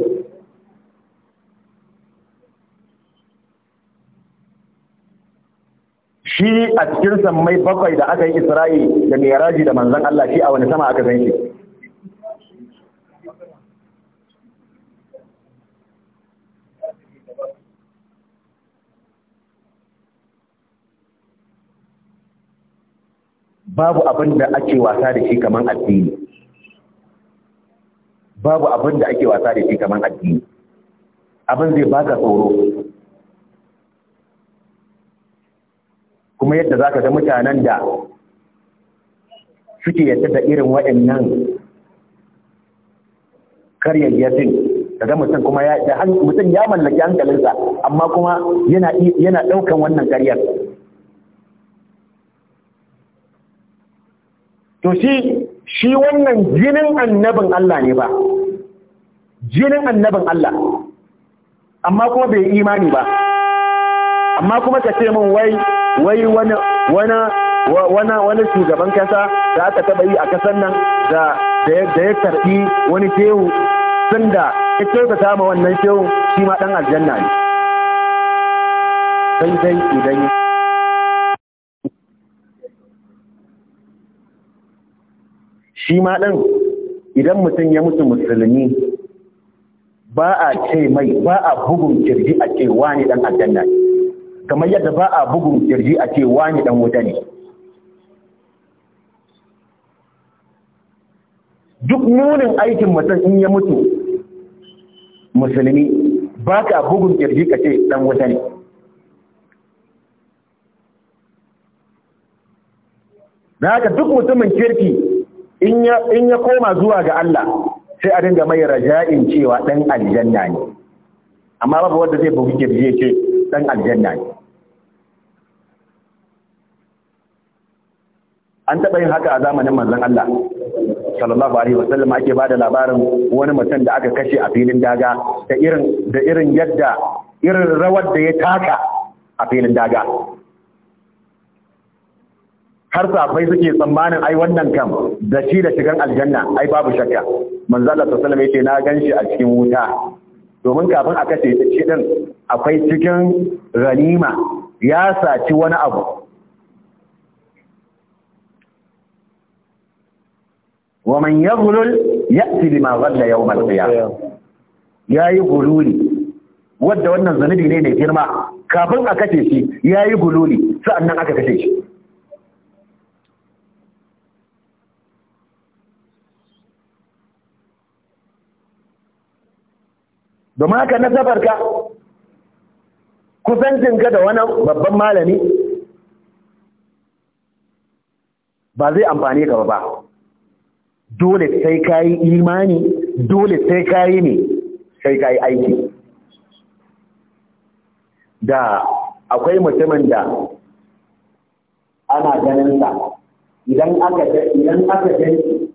shi a cikin sammai bakwai da aka yi isra'i da miyaraji da manzan Allah shi a wani sama aka zanke babu abin da ake wasa da shi kamar addini babu abin da ake wasa da shi kamar addini abin zai baka tsoro kuma yadda za ka ga mutanen da suke yadda da irin waɗannan da ga mutum kuma ya mutum ya mallaki hankalinsa amma kuma yana yana wannan karyar. to shi shi wannan jinin annabin Allah ne ba jinin annabin Allah amma kuma bai imani ba amma kuma ka ce min wai wai wani wani shugaban kasa da aka taba yi a kasan nan da ya karbi wani shehu sun da ya kyauta sama wannan shehu shi ma dan aljanna ne sai dai idan shi ma dan idan mutum ya mutu musulmi ba a ce mai ba a bugun kirji a ce wani dan aljanna ne kamar yadda ba a bugun kirji a ce wani dan wuta ne duk nunin aikin mutum in ya mutu musulmi ba ka bugun kirji ka ce dan wuta ne da haka duk mutumin kirki in ya koma zuwa ga Allah sai a dinga mai raja'in cewa dan aljanna ne amma babu wadda zai bugun kirji ya ce dan aljanna ne an taɓa yin haka a zamanin manzon Allah sallallahu alaihi wasallam ake bada labarin wani mutum da aka kashe a filin daga da irin da irin yadda irin rawar da ya taka a filin daga har safai suke tsammanin ai wannan kam da shi da shigan aljanna ai babu shakka manzo Allah sallallahu alaihi wasallam yace na ganshi a cikin wuta domin kafin a kashe shi din akwai cikin ganima ya saci wani abu wa man yaghlul ya'ti bima ghalla yawm al-qiyamah yayi gululi wanda wannan zanubi ne mai girma kafin a kashe shi yayi gululi sa'annan aka kace shi domin haka nasabarka kusancinka da wani babban malami ba zai amfani ka ba dole sai ka yi imani dole sai ka yi ne sai ka yi aiki da akwai mutumin da ana ganinsa idan idan aka ganci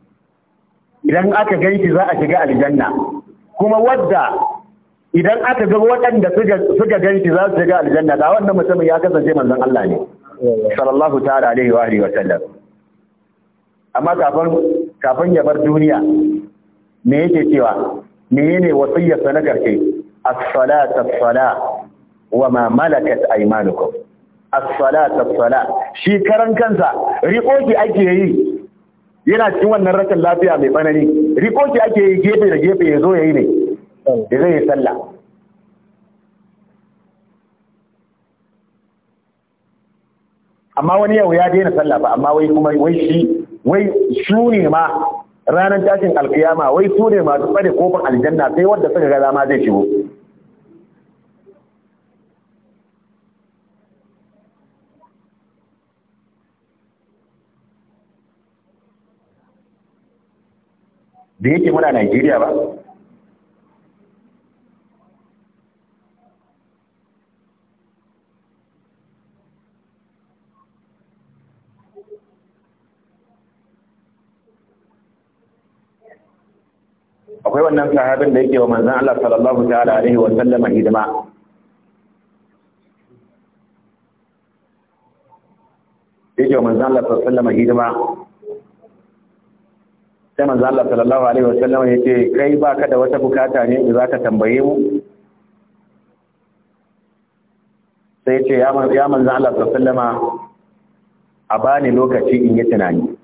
idan aka ganci za a shiga aljanna kuma wadda idan aka ga waɗanda suka ganshi za su shiga aljanna da wannan mutumin ya kasance manzon Allah ne sallallahu ta'ala alaihi wa alihi wa sallam amma kafin kafin ya bar duniya me yake cewa menene wasiyyar sa na karshe as salatu as sala wa ma malakat aymanukum as salatu as sala shi karan kansa riƙoki ake yi yana cikin wannan rashin lafiya mai tsanani riko shi ake yi gefe da gefe ya zo ya yi ne da zai yi sallah amma wani yau ya daina sallah ba amma wai kuma wai shi wai su ne ma ranar tashin alkiyama wai su ne masu tsare kofin aljanna sai wanda suka ga dama zai shigo da yake muna Najeriya ba wannan sahabin da yake wa manzan Allah sallallahu ta'ala alaihi wa sallam hidima yake wa manzan Allah sallallahu alaihi wa sallam hidima sai manzan Allah sallallahu alaihi wa sallam yake ce kai baka da wata bukata ne da zaka tambaye mu sai ya ce ya manzan Allah sallallahu sallama a bani lokaci in yi tunani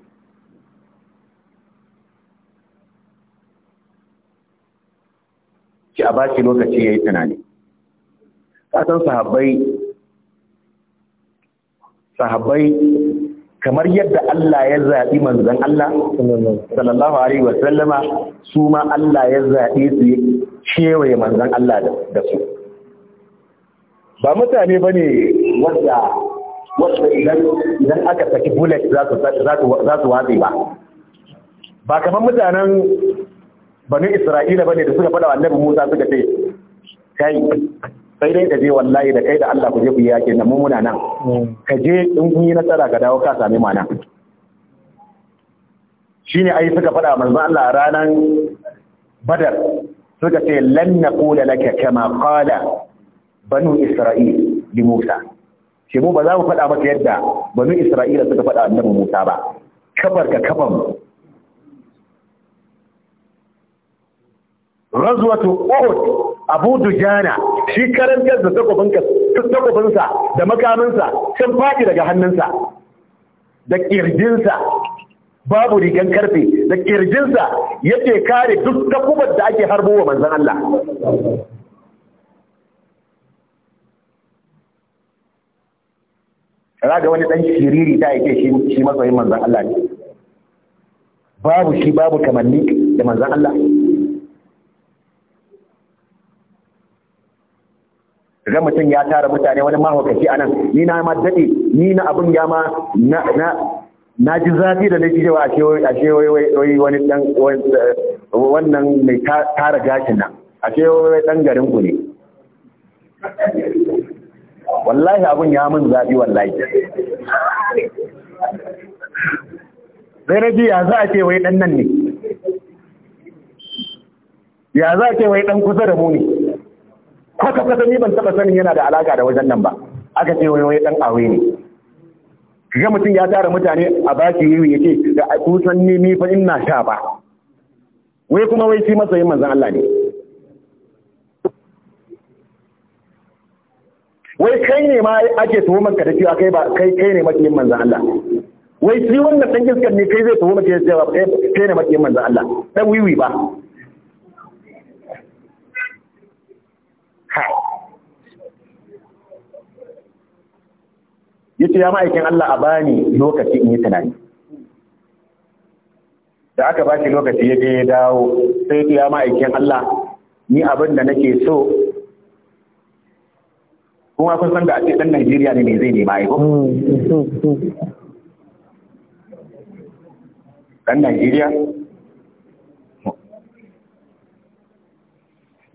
a bashi lokaci ya yi tunani kasan sahabbai sahabbai kamar yadda Allah ya zaɓi manzan Allah sallallahu alaihi wa sallama su ma Allah ya zaɓi su cewaye manzan Allah da su ba mutane ba ne wadda wadda idan aka saki bullet za su watsi ba ba kamar mutanen banu isra'ila bane da suka faɗa annabi musa suka ce kai sai dai ka je wallahi da kai da allah ku je ku yi yaƙi nan mu muna nan hmm. ka je in kun yi nasara ka dawo ka sami mana shine ai suka faɗa manzon allah ranan badar suka ce lan naqula laka kama qala banu isra'il li musa ce mu ba za mu faɗa maka yadda banu isra'ila suka faɗa annabi musa ba kafar ka kafan razwatu uhud abu dujana shi karantar da takobinsa da makaminsa sun faɗi daga hannunsa da ƙirjinsa babu rigan karfe da ƙirjinsa yake kare duk takubar da ake harbo wa manzan Allah raga wani ɗan shiriri ta yake shi matsayin manzan Allah ne babu shi babu kamanni da manzan Allah ga mutum ya tara mutane wani mahaukaci nan, ni na ma daɗe ni na abun ya ma na na ji zafi da nake cewa ashe wai wani dan wannan mai tara gashin nan ashe wai dan garin ku ne wallahi abun ya min zafi wallahi sai na ji ya za a ce wai dan nan ne ya za a ce wai dan kusa da mu ne kwata kwata ni ban taba sanin yana da alaka da wajen nan ba aka ce wani wani dan awe ne ga mutum ya tara mutane a baki yiwu yace da kusan ni ni fa ina sha ba wai kuma wai shi masoyin manzon Allah ne wai kai ne ma ake manka da cewa kai ba kai kai ne makiyin manzon Allah wai shi wannan san iskar ne kai zai tuhumar ka cewa kai ne makiyin manzon Allah dan wiwi ba yace ya ma'aikin Allah a bani lokaci in yi tunani da aka ba shi lokaci ya je ya dawo sai yace ya ma'aikin Allah ni abin da nake so kuma kun san da a cikin dan Najeriya ne me zai nema ai dan mm, mm, mm, Najeriya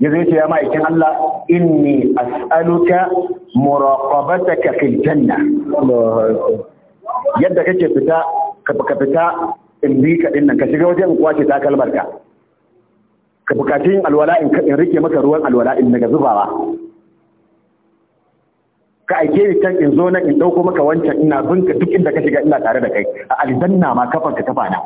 ya zai ce ya ma'aikin Allah inni as'aluka muraqabataka fil janna yadda kake fita ka fita in bi ka dinnan ka shiga wajen kwace takalmar ka ka bukaci yin alwala in rike maka ruwan alwala in daga zubawa ka aike ni can in zo nan in dauko maka wancan ina ka duk inda ka shiga ina tare da kai a aljanna ma kafan ka tafa na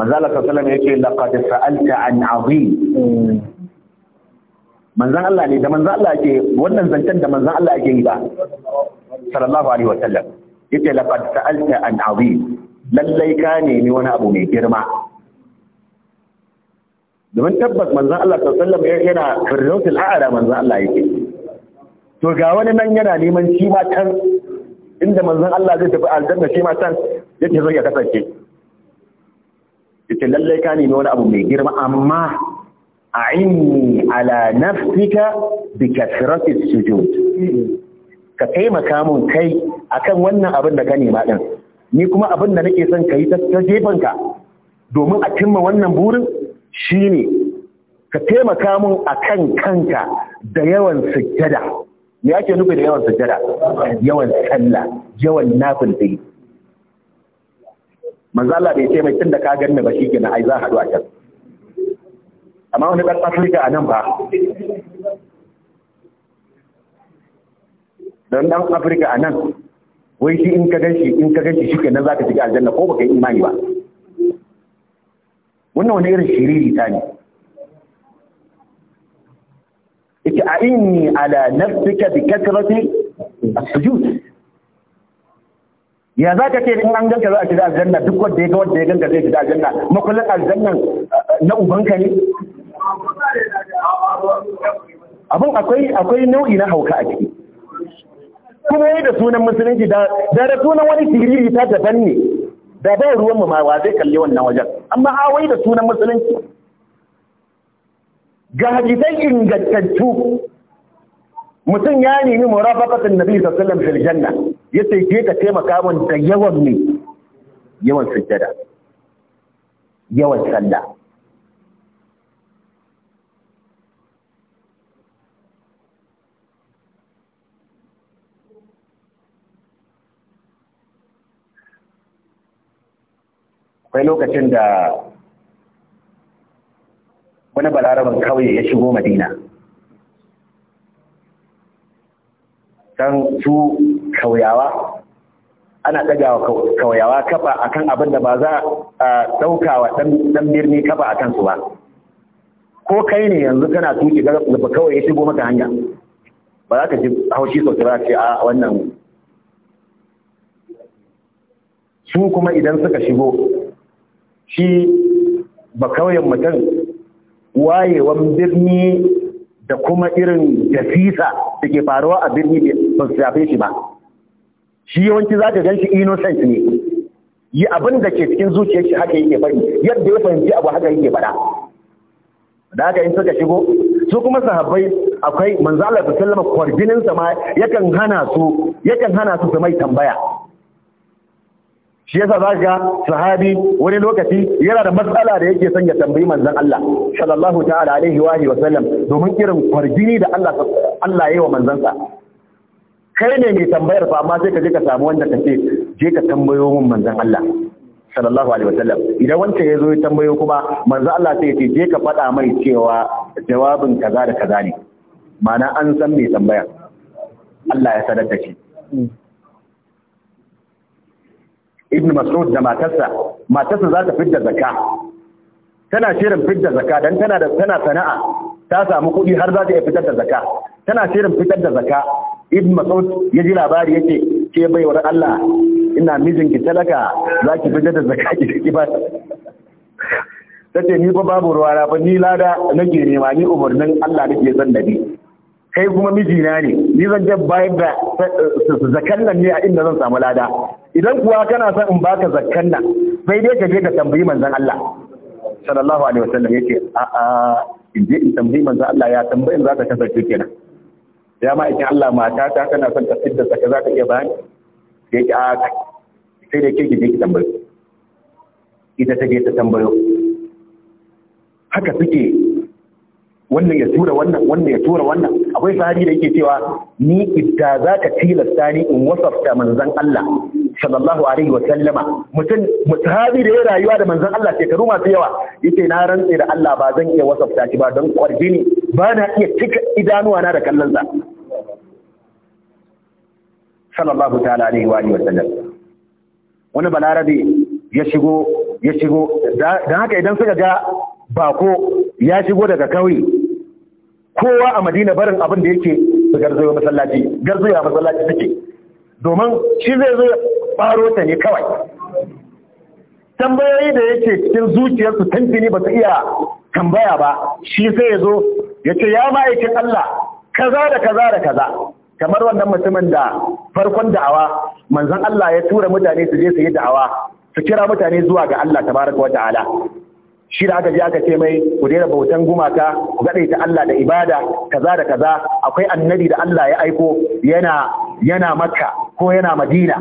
manzala sallallahu alaihi yake laqad sa'alta an azim manzan Allah ne da manzan Allah yake wannan zancen da manzan Allah yake yi ba sallallahu alaihi wa yake laqad sa'alta an azim lallai ka nemi wani abu mai girma domin tabbas manzan Allah sallallahu alaihi wasallam sallam yana firdausul a'la manzan Allah yake to ga wani nan yana neman shi ma can inda manzan Allah zai tafi aljanna shi ma can yake zo ya kasance yace lallai ka nemi wani abu mai girma amma a'inni ala nafsika bi kasrati sujud ka taimaka mun kai akan wannan abin da ka nema din ni kuma abin da nake son kai ta jefanka domin a cimma wannan burin shine ka taimaka mun akan kanka da yawan sujjada me ake nufi da yawan sujjada yawan sallah yawan nafil manzo Allah bai ce mai tunda ka ganni ba shi gina ai za haɗu a can amma wani ɗan Afirka a nan ba don ɗan Afirka a nan wai shi in ka gan shi in ka gan shi shi ke nan za ka shiga aljanna ko baka yi imani ba wannan wani irin shiriri ta ne ita a inni ala nafsika bi kasrati as-sujud ya za ka ce in an ganka za a shiga aljanna duk wanda ya ga wanda ya ganka zai shiga aljanna makullin aljannan eh, na ubanka ne abin akwai akwai nau'i na hauka a ciki kuma yi da sunan musulunci da da sunan wani siriri ta daban ne da ba ruwan mu ma wa zai kalli wannan wajen amma awai da sunan musulunci ga hadisai ingantattu mutum ya nemi murafaqatin nabi sallallahu alaihi wasallam fil janna ya sai je ka taimaka min da yawan ne, yawan sujjada yawan sallah akwai lokacin da wani balarabin kawai ya shigo madina don su kauyawa ana ɗaga wa kauyawa kafa akan abin da ba za a ɗauka wa ɗan birni kafa a kansu ba ko kai ne yanzu kana tuki ga kawai ya shigo maka hanya ba za ka ji haushi sosai ba ce a wannan su kuma idan suka shigo shi ba kawai mutum wayewan birni da kuma irin jafisa da ke faruwa a birni ba su shafe shi ba shi yawanci za ka gan shi innocent ne yi abin da ke cikin zuciyar shi haka yake faɗi yadda ya fahimci abu haka yake faɗa da haka in suka shigo su kuma sahabbai akwai Manzala da sallama sama hana su yakan hana su su mai tambaya shi yasa za ga sahabi wani lokaci yana da matsala da yake son ya tambayi manzon Allah sallallahu ta'ala alaihi wa alihi wa sallam domin irin kwargini da Allah Allah yayi wa manzon sa kai ne mai tambayar fa amma sai ka je ka samu wanda ka ce je ka tambayo mun manzon Allah sallallahu alaihi wa sallam idan wancan ya zo ya tambayo kuma manzon Allah sai ya ce je ka faɗa mai cewa jawabin kaza da kaza ne ma'ana an san mai tambaya Allah ya sadar da shi ibn mas'ud da matarsa matarsa za ta fidda zakka tana shirin fidda zakka dan tana da tana sana'a ta samu kuɗi har za ta iya fitar da zakka tana shirin fitar da zakka ibn mas'ud ya ji labari yake ke bai wa Allah ina mijinki talaka za ki fitar da zakka ki ki ba ce ni ba babu ruwa na ba ni lada nake nema ni umarnin Allah ke zan da kai kuma mijina ne ni zan je bayar da eh, eh, zakan nan ne a inda zan samu lada idan kuwa kana son in baka zakan nan sai dai ka je ka tambayi manzon Allah sallallahu alaihi wasallam yake a a in je in tambayi manzon Allah ya tambayin za ka kasance kenan ya ma ikin Allah mata ta kana son ka fidda zaka za ka iya bani? yake a sai dai ke ki je ki tambayo ita ta je ta tambayo haka suke wannan ya tura wannan wannan ya tura wannan akwai sahabi da yake cewa ni idda za ka tilasta ni in wasafta manzon Allah sallallahu alaihi wa sallama mutum mutahabi da ya rayuwa da manzon Allah shekaru masu yawa yace na rantse da Allah ba zan iya wasafta shi ba don kwarje ba na iya cika idanuwa na da kallon sa sallallahu ta'ala alaihi wa sallam wani balarabe ya shigo ya shigo don haka idan suka ga bako ya shigo daga kauye kowa a madina barin abin da yake su ya masallaci garzo ya masallaci suke domin shi zai zo ya baro ta ne kawai tambayoyi da yake cikin zuciyarsu tantini ba su iya tambaya ba shi sai ya zo ya ce ya ma'aikin Allah kaza da kaza da kaza kamar wannan mutumin da farkon da'awa manzon Allah ya tura mutane su je su yi da'awa su kira mutane zuwa ga Allah tabaraka wa ta'ala shi da aka je aka ce mai ku daina bautan gumaka ku gaɗe ta Allah da ibada kaza da kaza akwai annabi da Allah ya aiko yana yana Makka ko yana Madina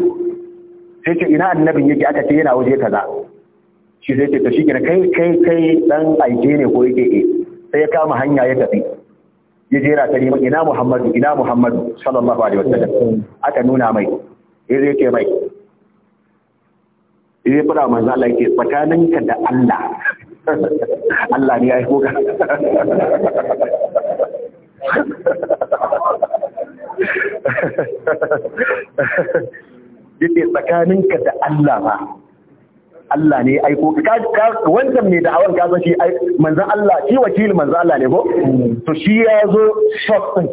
sai ce ina annabin yake aka ce yana waje kaza shi sai ce to shi kai kai kai dan aike ne ko yake eh sai ya kama hanya ya tafi ya jera ta neman ina Muhammadu ina Muhammadu sallallahu alaihi wasallam aka nuna mai sai ce mai sai ya fara manzo Allah yake tsakaninka da Allah Allah ne ya yi koga yake tsakaninka da Allah ba Allah ne ya aiko wancan mai da'awar ka san shi manzan Allah shi wakilin manzan Allah ne ko to shi ya zo shafin,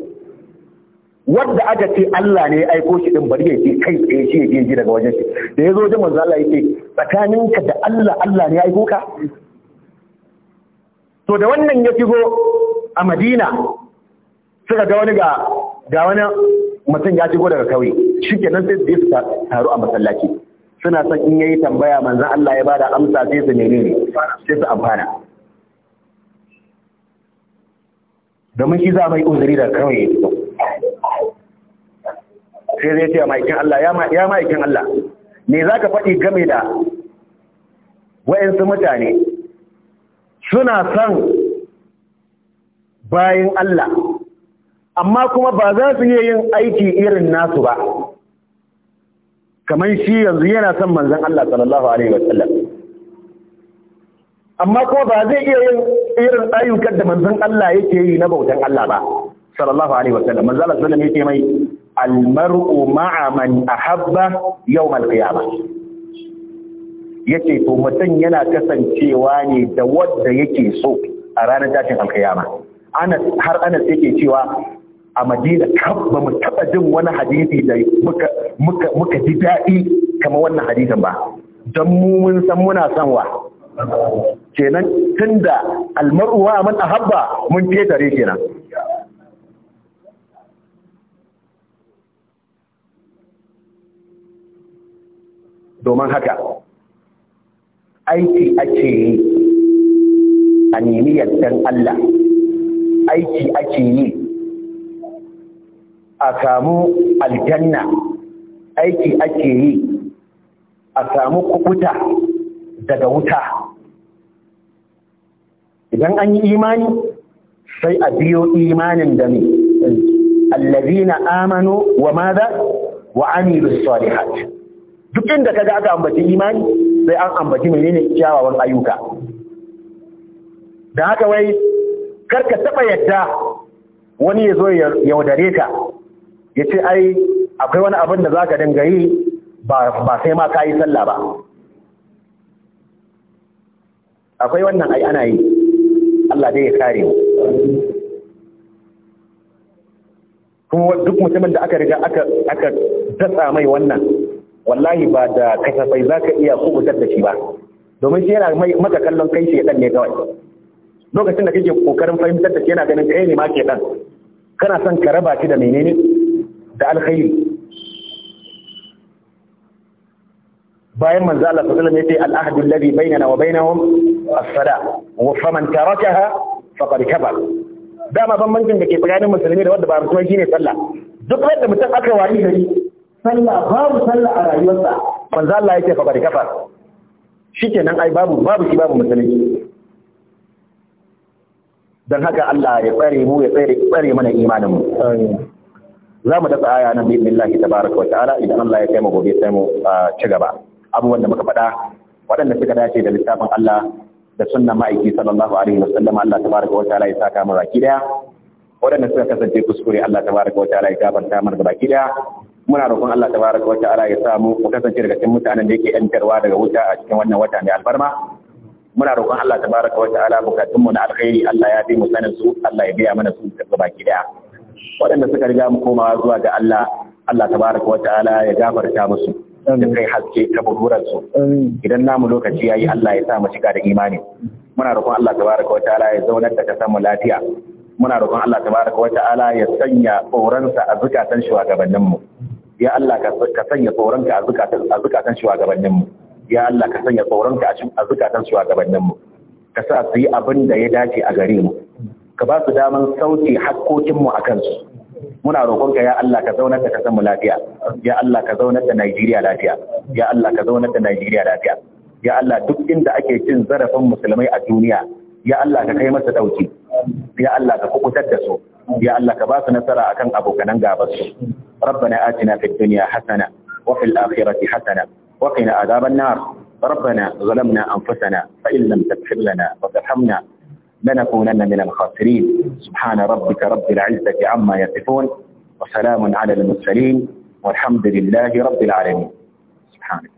wadda wanda aka ce Allah ne ya aiko shi ɗin bari ya ce kai tsaye shi ya je daga wajen shi da ya zo wajen manzan Allah yake tsakaninka da Allah Allah ne ya aiko ka to da wannan ya figo a madina suka ga wani ga wani mutum ya shigo daga kauye nan sai su taru a masallaci suna son in yayi tambaya manzo Allah ya bada amsa sai su ne sai su amfana domin shi za mai uzuri da kauye sai zai ce ma'aikin Allah ya ma'aikin Allah me za ka faɗi game da wa'yansu mutane suna son bayan Allah amma kuma ba za su iya yin aiki irin nasu ba kamar shi yanzu yana son manzon Allah sallallahu alaihi wasallam amma kuma ba zai iya yin irin ayyukan da manzon Allah yake yi na bautan Allah ba sallallahu alaihi wasallam manzan Allah sallallahu alaihi wasallam yake mai almar'u ma'aman man ahabba yau al ba. Yake to mutum yana kasancewa ne da wadda yake so a ranar tashin alkayama har anas yake cewa a madina ba mu taba jin wani hadisi da muka ji daɗi kamar wannan hadisin ba don mu mun san muna son wa kenan tunda almar'u wa man ahabba mun ketare kenan domin haka aiki ake yi a nemi yardan Allah aiki ake yi a samu aljanna aiki ake yi a samu kubuta daga wuta idan an yi imani sai a biyo imanin da ne allazina amanu wa maza wa amilu salihat duk inda kaga aka ambaci imani sai an ambaci menene kyawawan ayyuka da haka wai karka taba yadda wani ya zo ya yaudare ka ya ce ai akwai wani abin da zaka dinga yi ba sai ma ka yi sallah ba akwai wannan ai ana yi Allah dai ya kare mu kuma duk mutumin da aka riga aka aka datsa mai wannan wallahi ba da kasafai za ka iya kubutar da shi ba domin shi yana maka kallon kai shedan ne kawai lokacin da kake kokarin fahimtar da shi yana ganin kai ne ma shedan kana son ka raba shi da menene da alkhairi bayan manzo Allah sallallahu alaihi wasallam yace al-ahdu alladhi bainana wa bainahum as-sala wa faman tarakaha faqad kafar dama bambancin da ke tsakanin musulmi da wanda ba musulmi shine sallah duk wanda mutum aka wani gari sallah babu sallah a rayuwarsa manzo Allah yake fa bari kafa shikenan ai babu babu shi babu musulunci dan haka Allah ya tsare mu ya tsare tsare mana imanin mu za mu dasa aya nan bismillah baraka wa ta'ala idan Allah ya kai mu gobe sai mu ci gaba abubuwan da muka faɗa waɗanda suka dace da littafin Allah da sunnan ma'aiki sallallahu alaihi wasallam Allah baraka wa ta'ala ya saka mu raki daya waɗanda suka kasance kuskure Allah baraka wa ta'ala ya gafarta mana ki daya muna roƙon Allah tabaraka wata'ala ya sa mu ku kasance daga cikin mutanen da yake yantarwa daga wuta a cikin wannan wata mai alfarma muna roƙon Allah tabaraka wata'ala bukatun mu na alkhairi Allah ya bi mu sanin su Allah ya biya mana su daga baki daya waɗanda suka riga mu komawa zuwa ga Allah Allah tabaraka wata'ala ya gafarta musu da kai haske ta bururan su idan namu lokaci yayi Allah ya sa mu shiga da imani muna roƙon Allah tabaraka wata'ala ya zaunar da kasan mu lafiya muna roƙon Allah tabaraka wata'ala ya sanya sa a zukatan shugabanninmu ya Allah ka sanya tsoronka a zukatan shugabanninmu ya Allah ka sanya tsoronka a zukatan shugabanninmu ka sa su yi abin da ya dace a gare mu ka ba su daman sauke hakkokinmu a kansu muna roƙonka ya Allah ka zaunar da kasanmu lafiya ya Allah ka zaunar da Najeriya lafiya ya Allah ka zaunar da Najeriya lafiya ya Allah duk inda ake cin zarafin musulmai a duniya ya Allah ka kai masa dauki ya Allah ka kukutar da su ya Allah ka ba su nasara akan abokanan gabar su rabbana atina fid dunya hasana wa fil akhirati hasana wa qina adhaban nar ربنا ظلمنا أنفسنا فإن لم تغفر لنا وترحمنا لنكونن من الخاسرين سبحان ربك رب العزة عما يصفون وسلام على المرسلين والحمد لله رب العالمين سبحانك